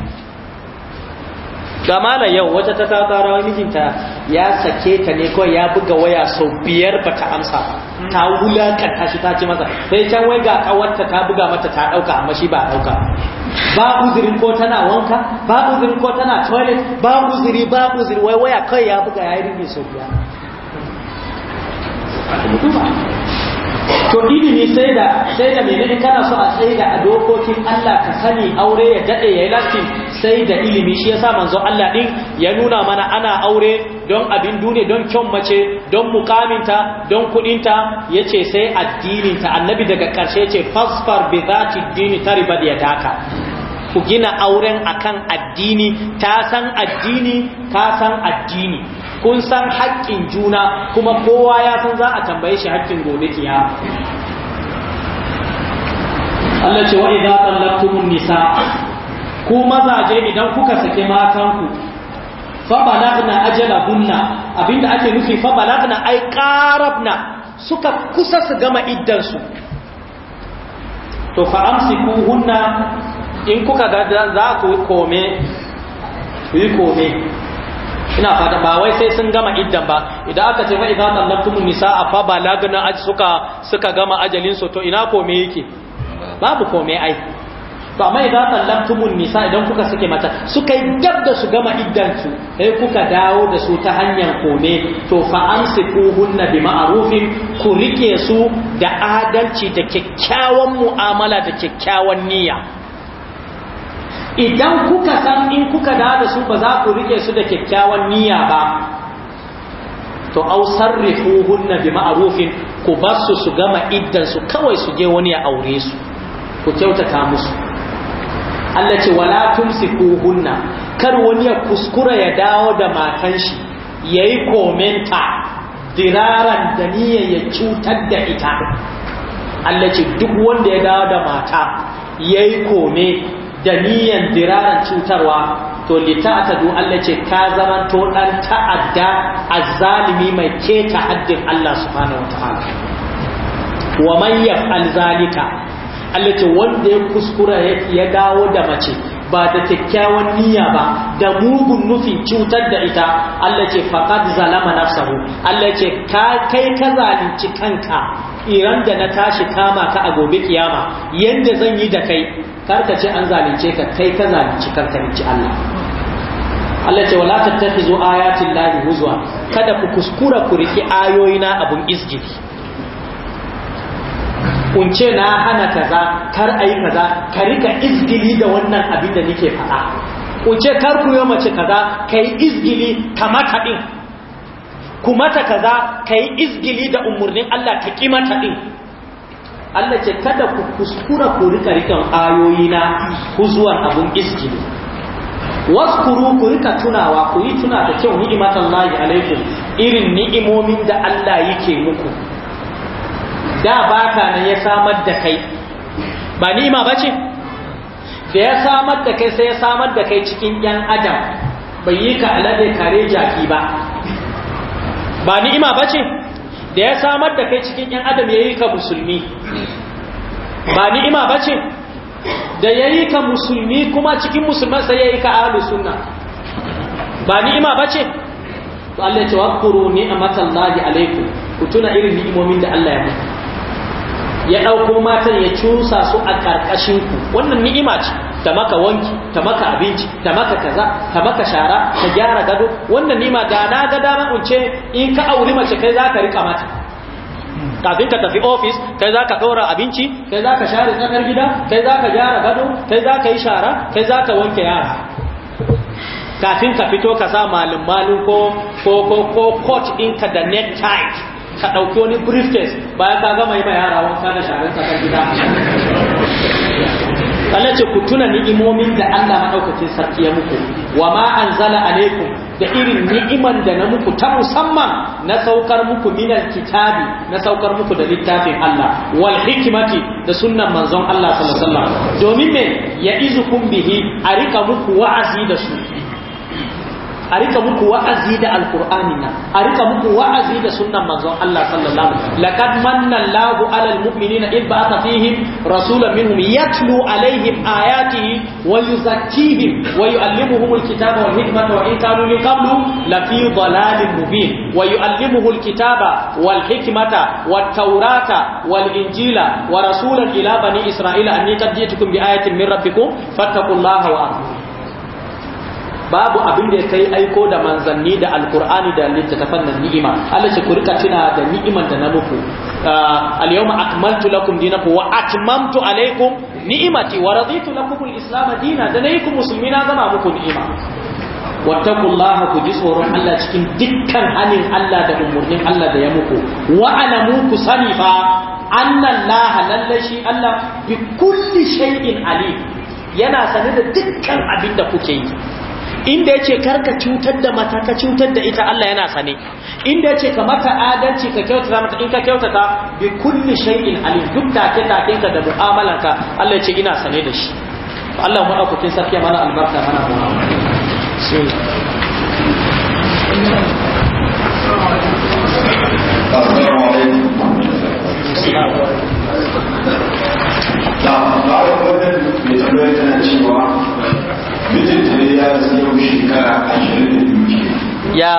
kamala yau wata ta wani mijinta ya sake ta ne kawai ya buga waya sau biyar ba ta amsa ba ta wulakanta shi ta ce masa sai can wai ga kawarta ta buga mata ta dauka amma shi ba dauka ba uzuri ko tana wanka ba uzuri ko tana toilet ba uzuri ba uzuri wai waya kawai ya buga ya yi ringe sau biyar to ilimi sai da sai da menene kana so a sai da dokokin Allah ka sani aure ya dade ya lati sai da ilimi shi yasa manzo Allah din ya nuna mana ana aure don abin duniya don kyan mace don mukaminta don kudinta yace sai addininta annabi daga karshe yace fasfar bi zati dini ya taka ku gina auren akan addini ta san addini ta san addini kun san haƙƙin juna kuma kowa ya san za a tambaye shi haƙƙin gobe kiya Allah ce wa idza tallaqtumun nisa ku mazaje idan kuka sake ku fa balagna ajalahunna abinda ake nufi fa balagna ay qarabna suka kusa su gama iddan su to fa amsikuhunna in kuka ga za ku kome ku yi kome ina fata ba wai sai sun gama iddan ba idan aka ce fa idza tallaqtum nisaa fa balagna aj suka suka gama ajalin su to ina kome yake babu kome ai to amma idan tallaqtum nisa idan kuka suke mata suka yi da su gama iddan su sai kuka dawo da su ta hanyar kome to fa amsikuhunna bi ma'rufin ku rike su da adalci da kyakkyawan mu'amala da kyakkyawan niyya idan kuka san in kuka da da su ba za ku rike su da kyakkyawan niyya ba to au sarrihuhunna bi ma'rufin ku basu su gama iddan su kawai su je wani ya aure su ku kyautata musu Allah ce wala tumsikuhunna kar wani ya kuskura ya dawo da matan shi yayi komenta diraran da niyyar ya cutar da ita Allah ce duk wanda ya dawo da mata yayi kome da niyan diraran cutarwa to du Allah ce ka zama to dan ta'adda azzalimi mai keta haddin Allah subhanahu wataala wa man yaf'al zalika Allah ce wanda ya kuskura ya dawo da mace ba da kyakkyawan niyya ba da mugun nufin cutar da ita Allah ce faqad zalama nafsahu Allah ce ka kai ka zalunci kanka iran da na tashi kama ka a gobe kiyama yanda zan yi da kai karka ce an zalunce ka kai ka zalunci karka Allah Allah ce wala tattakhizu ayatin lahi huzwa kada ku kuskura ku riki ayoyina abun izgili kun na hana kaza kar ayi kaza ka rika izgili da wannan abin da nake faɗa kun ce kar ku yi mace kaza kai izgili mata din ku mata kaza kai izgili da umurnin Allah ka ki mata din Allah ce kada ku kuskura ku rika rikan ayoyina ku zuwan abun Wasu waskuru ku rika tunawa ku yi tuna da kyau ni'imatan lahi alaikum irin ni'imomin da Allah yake muku da baka nan ya samar da kai ba ni'ima bace da ya samar da kai sai ya samar da kai cikin yan adam bai yi ka alade kare jaki ba ba ni'ima bace da ya samar da kai cikin yan adam ya yi ka musulmi ba ni'ima ba ce da ya yi ka musulmi kuma cikin musulman sai ya yi ka ahalu suna, ba ni'ima ba ce Ba Allah ya ce wakuru a lahi alaikum ku tuna irin ni'imomin da Allah ya muku ya ɗauko matan ya cusa su a ƙarƙashinku wannan ni'ima ce ta maka wanki ta maka abinci ta maka kaza ta maka shara ta gyara gado wannan nima da na ga dama unce in ka auri mace kai za ka rika mata kafin ka tafi ofis kai za ka ɗora abinci kai za ka share tsakar gida kai za ka gyara gado kai za ka yi shara kai za ka wanke yara kafin ka fito ka sa malin malin ko ko ko ko coach ka da necktie ka ɗauki wani briefcase bayan ka gama yi ma yara wanka da sharan tsakar gida Allah ce ku tuna ni'imomin da Allah maɗaukacin sarki ya muku wa ma anzala alaikum da irin ni'iman da na muku ta musamman na saukar muku minal kitabi na saukar muku da littafin Allah wal hikimati da sunnan manzon Allah sallallahu alaihi wasallam domin me ya izukum bihi a rika muku wa'azi da su arika muku wa'azi da alqur'ani nan a rika muku wa'azi da sunnan manzon Allah sallallahu alaihi wasallam laqad manna Allahu alal mu'minina id ba'atha fihim rasulan minhum yatlu 'alayhim ayatihi wa yuzakkihim wa yu'allimuhum alkitaba wal hikmata wa in kanu min qablu la fi dhalalin mubin wa yu'allimuhu alkitaba wal hikmata wat tawrata wal injila wa rasulan ila bani isra'ila anni qad bi ayatin min rabbikum fattaqullaha wa atiiun babu abin da ya kai aiko da manzanni da alkur'ani da littattafan nan ni'ima Allah ce ku tuna da ni'iman da na muku ah, al-yawma akmaltu lakum dinakum wa atmamtu alaykum ni'imati wa raditu lakum al-islam dinan da nayi ku musulmi na zama muku ni'ima wattaqullaha ku ji tsoron Allah cikin dukkan hanin Allah da umurnin Allah da ya muku wa alamu ku sani fa annallaha lallashi Allah bi kulli shay'in alim yana sane da dukkan abin da kuke yi inda yace karka cutar da mata ka cutar da ita Allah yana sane inda yace ka mata adalci ka kyautata mata in ka kyautata bi kulli shay'in alim duk take taken ka da mu'amalanka Allah yace ina sane da shi Allah mu dauke sarki mana albarka mana mu Assalamu alaikum. Assalamu alaikum. Da, da, da, da, da, da, da, da, da, ya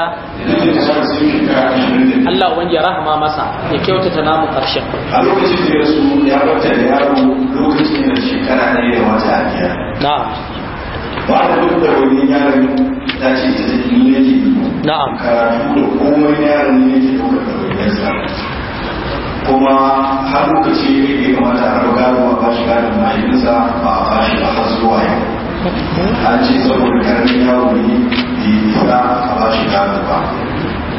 Allah wani ya rahama masa ya kyautata namu ƙarshen. A lokacin da ya su ya wata da yaro lokacin da shekara ne da wata ajiya. Na'am. Ba a duk da wani yaron ta ce ta ta ne ne yake Na'am. Karatu da komai yaron ne ke duka da wani yasa. Kuma har lokaci ne ya kamata a gano ba shi gada mahaifinsa ba a bashi a hasuwa zuwa yau. an ce saboda karfin yawon yi da isa a ba shi gado ba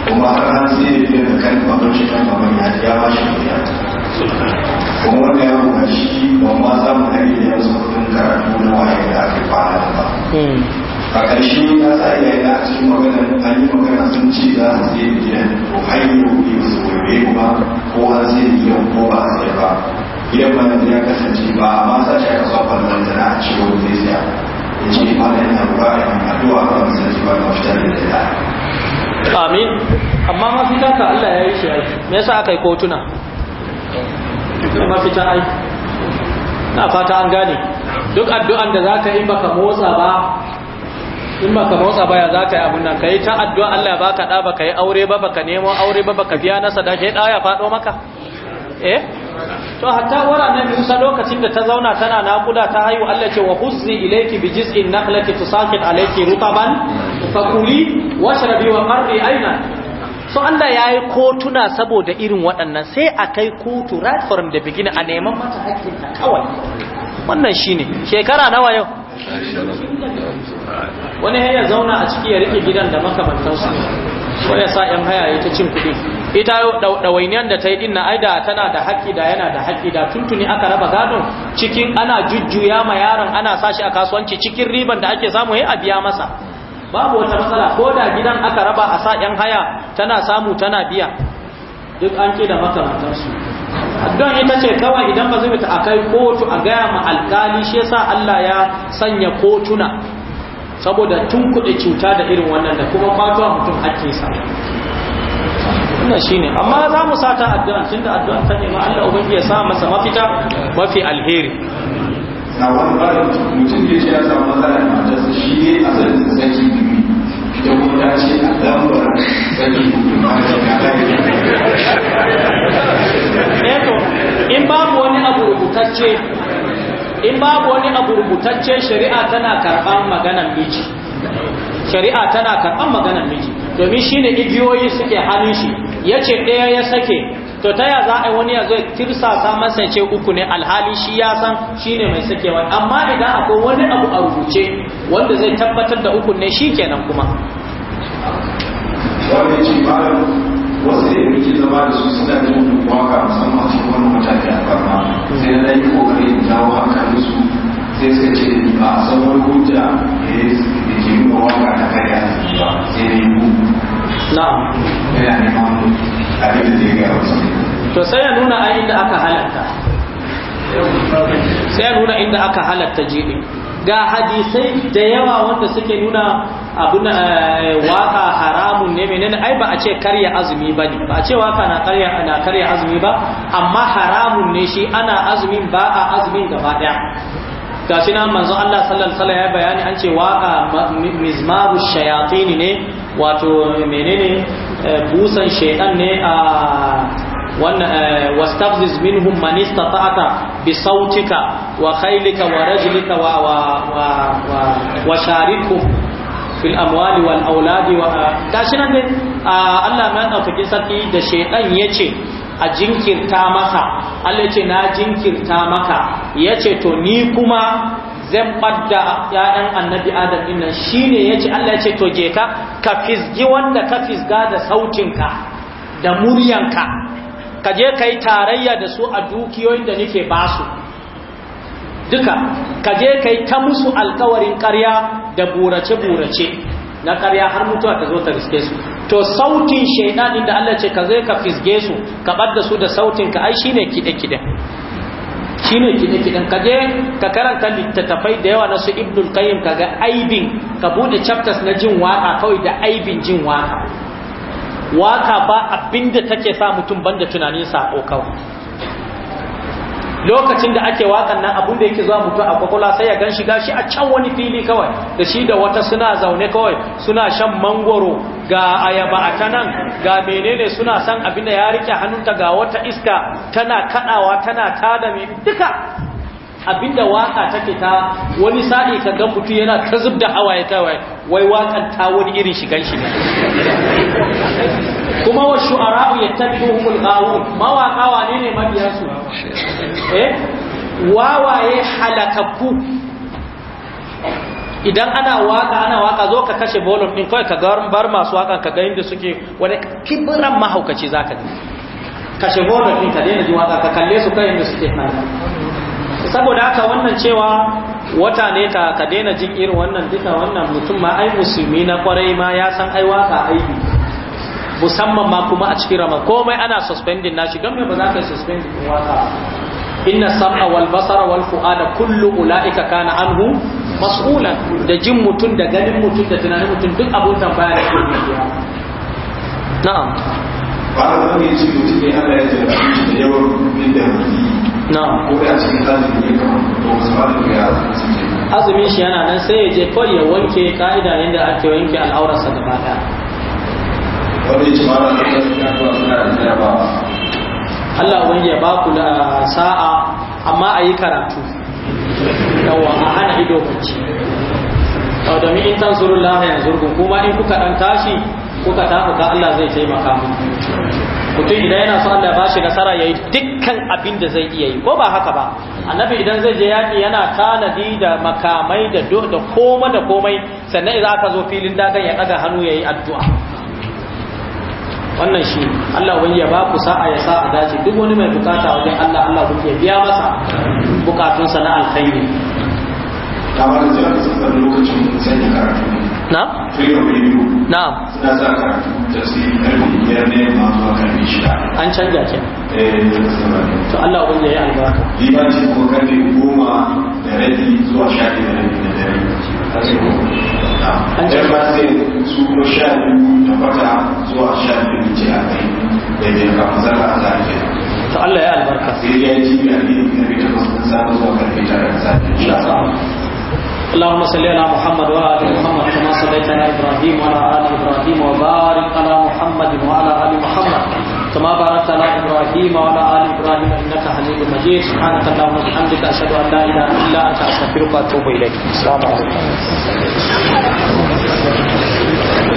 kuma har an sai ya fiye da kan babban shi kan babban ya ya ba shi biya kuma wanda ya kuma shi ba ma za mu hari karatu na waye da ake fara da ba hmm. a ƙarshe ya sa iya yi a cikin magana an yi magana sun ce za su sai da gidan ko hanyar kuɗi su gobe ba ko an sai da gidan ko ba a sai ba gidan ya kasance ba a ma sa shi a kasuwa fallon da a zai siya amin amma mafita ka Allah ya yi shi me yasa aka yi kotuna mafita ai na fata an gane duk addu'an da za ka yi baka motsa ba in baka motsa baya za ka yi abin nan ka yi ta addu'a Allah ba ka ɗa ba ka yi aure ba ba ka nemo aure ba ba ka biya na sadaka ya ɗaya faɗo maka eh to hatta wara annabi Musa lokacin da ta zauna tana naƙuda ta haihu Allah ce wa husni ilayki bi jiz'in naqlati tusaqit alayki rutaban fakuli washrabi wa qarri ayna so Allah ya yi kotuna saboda irin waɗannan sai a kai kotu right from the beginning a neman mata ta kawai wannan shi ne shekara nawa yau wani ya zauna a ciki ya riƙe gidan da makamantansu wanda sa yan haya ita cin kuɗi ita ɗawainiyar da ta yi dinna aida tana da haƙƙi da yana da haƙƙi da tuntuni aka raba gadon cikin ana jujjuya ma yaron ana sashi a kasuwanci cikin riban da ake samu ya biya masa babu wata matsala ko da gidan aka raba a sa yan haya tana samu tana biya duk an ke da makamantansu don ita ce kawai idan ba zai a kai kotu a gaya ma alkali shi yasa Allah ya sanya kotuna saboda tun kuɗi cuta da irin wannan da kuma kwatuwa mutum sa wannan shine amma za mu sata addu'a tunda addu'a ta ne Allah ubangiji ya sa masa mafita mafi alheri na wani bayan mutum da ya samu matsala da matarsa shi ne asalin sarki bibi da kuma ta ce a lambar sarki bibi eh to in babu wani abu rubutacce in babu wani abu rubutacce shari'a tana karban maganar miji shari'a tana karban maganar miji domin shine igiyoyi suke hannun shi yace ɗaya ya sake to ta ya za a wani ya zo tirsasa masa ce uku ne alhali shi ya san shine ne mai sakewa amma idan akwai wani abu a rubuce wanda zai tabbatar da uku ne shi kenan kuma wasu da yake zama da su suna jin wani waka musamman cikin wani mutane a farma sai na yi kokari in jawo hankalin su sai suka ce ba a san wani hujja da ke yi waka ta karya ba sai na yi ku na'am yana neman abin da zai gaya wasu to sai ya nuna aka halatta sai ya nuna inda aka halatta jini. ga hadisai da yawa wanda suke nuna abun eh, waka haramun ne menene ai ba a ce karya azumi ba ne ba a ce waka na karya na karya azumi ba amma haramun ne shi ana azumin ba a azumin gaba daya Ga shi nan manzon Allah sallallahu alaihi wasallam ya bayani an ce waka mizmaru shayatin ne wato menene eh, busan shaytan ne a wannan eh, wastafziz minhum man istata'ta bi sautika wa khaylika wa wa wa wa wa sharikhum fil amwali wal auladi wa eh, gashi nan dai eh, Allah mai daukakin sarki da shedan yace a jinkirta maka Allah yace na jinkirta maka yace to ni kuma zan badda ƴaƴan annabi adam din nan shine yace Allah yace to je ka ka fisgi wanda ka fisga da sautinka da muryanka ka je ka yi tarayya da su a dukiyoyin da nake ba su duka ka je ka yi ta musu alkawarin karya da burace-burace na karya har mutuwa ta zo ta riske su to sautin shaidanin da Allah ce ka zai ka fisge su ka ɓadda su da sautin ka ai shine kide-kide shine kide kide ka je ka karanta littattafai da yawa na su ibnul qayyim kaga aibin ka bude chapters na jin waka kawai da aibin jin waka waka ba abinda take sa mutum banda tunanin sako kawai lokacin da ake wakan nan abin da yake zuwa mutum a kwakwala sai ya gan shi gashi a can wani fili kawai da shi da wata suna zaune kawai suna shan mangoro ga ayaba a ta nan ga menene suna san abin da ya rike hannunta ga wata iska tana kaɗawa, tana tada mai duka abinda waka take ta wani sa'i ka ga mutum yana ta da hawaye ta wai wai wakan ta wani irin shigan shi ne kuma wa shu'ara'u yattabi'uhumul ghawun mawaka wane ne mabiyan su eh wawaye halakaku idan ana waka ana waka zo ka kashe bolon din kawai ka bar masu wakan ka ga inda suke wani kibran mahaukaci zaka ji kashe bolon din ka daina ji waka ka kalle su kai inda suke saboda haka wannan cewa wata ne ta ka daina jin irin wannan duka wannan mutum ma ai musulmi na kwarai ma ya san ai waka aibi musamman ma kuma a cikin ramadan komai ana suspending nashi don me ba za ka yi suspending din waka inna sam'a wal basara wal fu'ada kullu ulaika kana anhu mas'ulan da jin mutun da ganin mutun da tunanin mutun duk abun tambaya ne na'am ba za zan yi cikin mutum ne Allah ya jira da yawan bin da mutum azumin shi yana nan sai ya je kawai ya wanke ka'ida yadda ake wanke al'aurarsa gaba ɗaya da suna Allah wani ya ba ku da ah, sa'a amma a yi karatu yawa a hana ido kwanci to domin in tansurullah zurgun kuma in kuka ɗan tashi kuka tafi ga Allah zai taimaka mu mutum idan yana son Allah ba shi nasara ya yi dukkan abin da zai iya yi ko ba haka ba annabi idan zai je yaƙi yana tanadi da makamai da da koma da komai sannan idan aka zo filin dagan ya ɗaga hannu ya yi addu'a wannan shi Allah wani ya ba ku sa'a ya sa a dace duk wani mai bukata wajen Allah Allah biya masa bukatunsa na alkhairi kamar da zai lokacin sai karatu na? na an canja ke to Allah wanda ya albarka limanci ko karfe goma da rabi zuwa sha da rabi da dare an canja sai su ko sha biyu da zuwa sha biyu ce a kai da ya kafa zara to Allah ya albarka sai ya ji mai abin da bai tabbata zuwa karfe tare da safe اللهم صل على محمد وعلى ال محمد كما صليت على ابراهيم وعلى ال ابراهيم وبارك على محمد وعلى ال محمد كما باركت على ابراهيم وعلى ال ابراهيم انك حميد مجيد سبحانك اللهم وبحمدك اشهد ان لا اله الا انت استغفرك واتوب اليك السلام عليكم